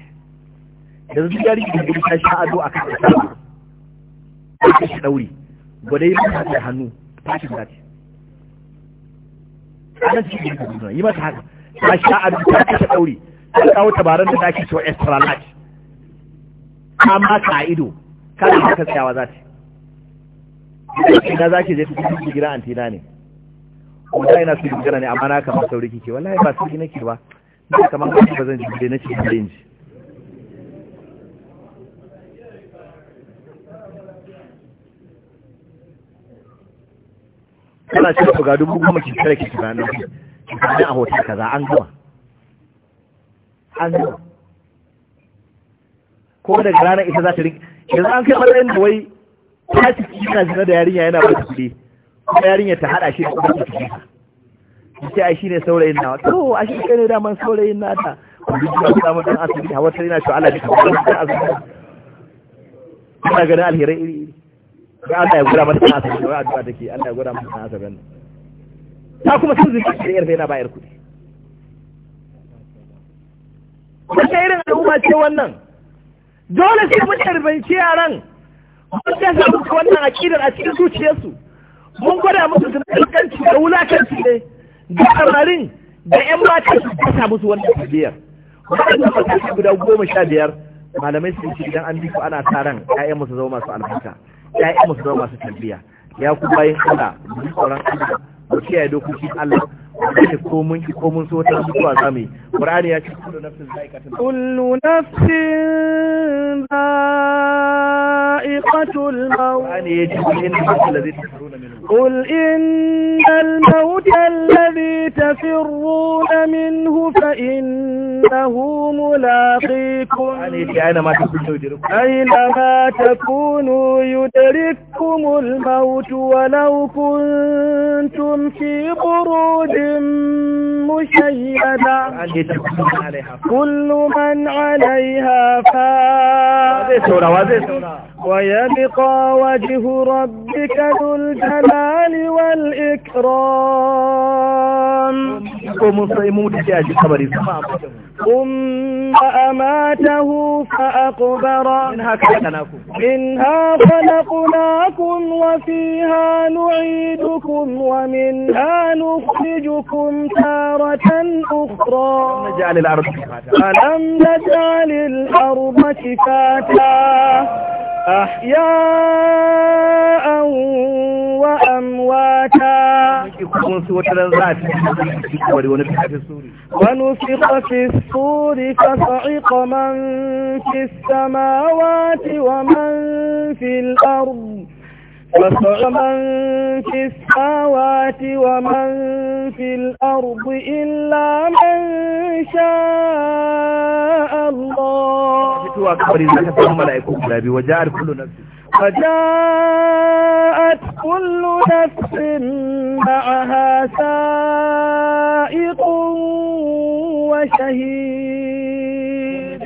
da zai yari da gudu ta sha ado a kan ta ta shi dauri gwadai mata da hannu ta shi zaci a cikin ka yi mata haka ta sha a ta kashe ta kawo tabaran da a ido ka tsayawa za ta ina ki ne su ne amma na kamar sauri kike wallahi ba su gina ke ba kamar ba zan ji dai na cikin da kana ce ku ga dubu goma ki tare ki tsana ki tsana a hotel kaza an gama an gama ko daga ranar ita za ta rinka yanzu an kai matsayin da wai ta ci yana zina da yarinya yana ba ta kuɗi kuma yarinya ta haɗa shi da kuɗi ta kuɗi ce ai shine saurayin nawa to a shi kai ne daman saurayin nata ku ji ba samu dan asibiti hawa tare na shi Allah da ka asibiti ina ganin alherai iri iri ga Allah ya gura mata sana'a sabbin wai addu'a take Allah ya gura mata sana'a sabbin ta kuma sun zuci da yar yana bayar kuɗi wata irin al'umma ce wannan dole sai mun tarbanci yaran mun dasa musu wannan akidar a cikin zuciyarsu mun gwada musu tunanin da wulakanci ne da amarin da yan mata su dasa musu wannan tarbiyyar waɗannan matakai guda goma sha biyar malamai sun ce idan an bi ku ana taron ran ƴaƴan musu zama masu albarka ƴaƴan mu zama masu tarbiyya ya ku bayin Allah da sauran abubuwa ku kiyaye dokokin Allah da komun ki komun so ta mutuwa zamu yi Qur'ani ya ce kullu nafsin za'iqatul kullu nafsin za'iqatul maut Qur'ani ya ce kullu nafsin allazi tafiruna minhu qul innal mauta allazi tafiruna minhu fa innahu mulaqikum Qur'ani ya ce aina ma takunu yudrikum aina ma takunu yudrikumul maut walau kuntum في برود مشيدة كل من عليها فان ويبقى وجه ربك ذو الجلال والإكرام ثم أماته فأقبر منها خلقناكم وفيها نعيدكم ومنها نخرجكم تارة أخرى ألم نجعل الأرض كفاتا أحياء وأمواتا ونفخ في الصور فصعق من في السماوات ومن في الأرض ومن من في السماوات ومن في الأرض إلا من شاء الله وجاءت كل نفس معها سائق وشهيد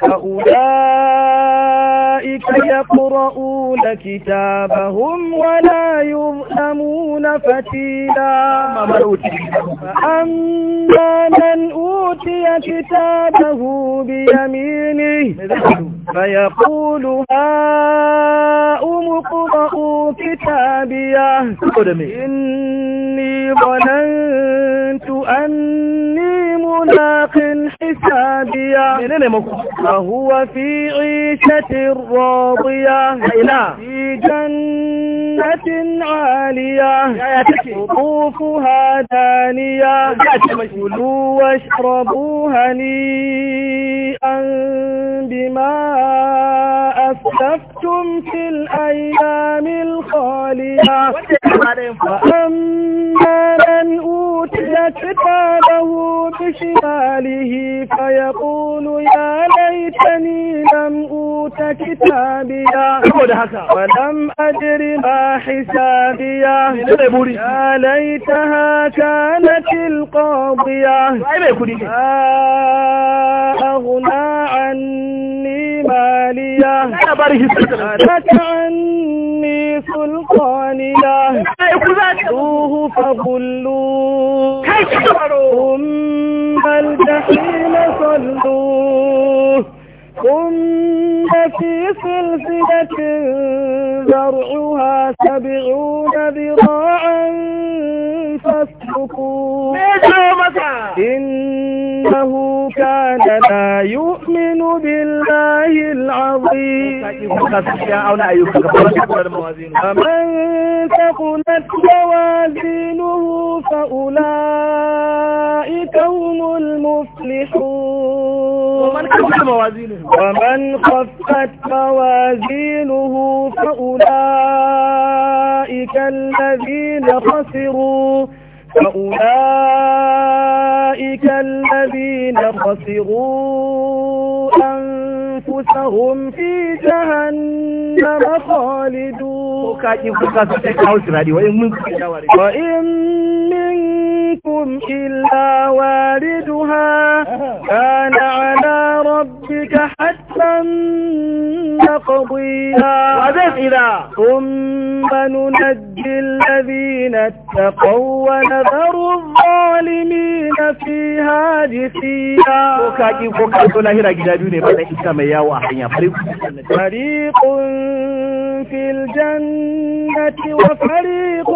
فأولئك يقرؤون كتابهم ولا يظلمون فتيلا فأما من أوتي كتابه بيمينه فيقول هاؤم اقرءوا كتابيه إني ظننت أني ملاق حسابيه فهو في عيشة راضية في جنة عالية قطوفها دانية كلوا واشربوا هنيئا بما أسلفتم في الأيام الخالية وأما من أوتي كتابه بشماله فيقول ليتني لم أوت كتابيا ولم أدر ما حسابيا يا ليتها كانت القاضية ما أغنى عني ماليا أتت عني سلطانيا أتوه فغلوه ثم الجحيم صلوه كنت في سلسلة ذرعها سبعون ذراعا فاسلكوه إنه كان لا يؤمن بالله العظيم فمن ثقلت موازينه فأولئك هم المفلحون ومن ثقلت موازينه ومن خفت موازينه فأولئك الذين خسروا فأولئك الذين خسروا أنفسهم في جهنم خالدون وإن منكم إلا واردها كان على ربك حتما نقضيها ثم ننجي الذين اتقوا ونفسهم وذروا الظالمين فيها جثيا وكاكي وكاكي لاهرا جدابيوني بدا إسلام ياو أحيا فريق فريق في الجنة وفريق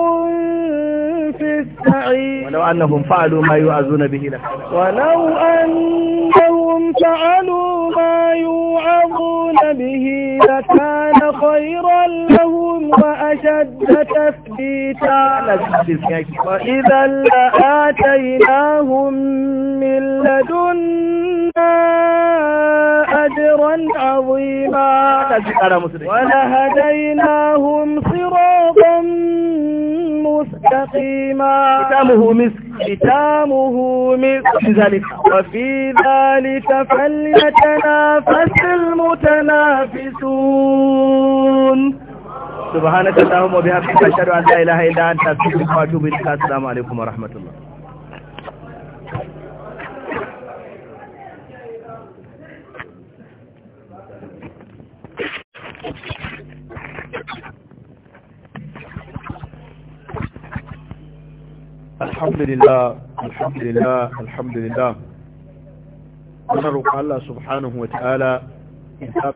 في السعير ولو أنهم فعلوا ما يؤذون به لك ولو أنهم لهم فعلوا ما يوعظون به لكان خيرا لهم وأشد تثبيتا وإذا لآتيناهم من لدنا أجرا عظيما ولهديناهم صراطا مستقيما ختامه مسك ختامه مسك وفي ذلك ذلك فليتنافس المتنافسون سبحانك اللهم وبحمدك اشهد ان لا اله الا انت استغفرك واتوب اليك السلام عليكم ورحمه الله الحمد لله الحمد لله الحمد لله muna roƙon Allah subhanahu wataala ya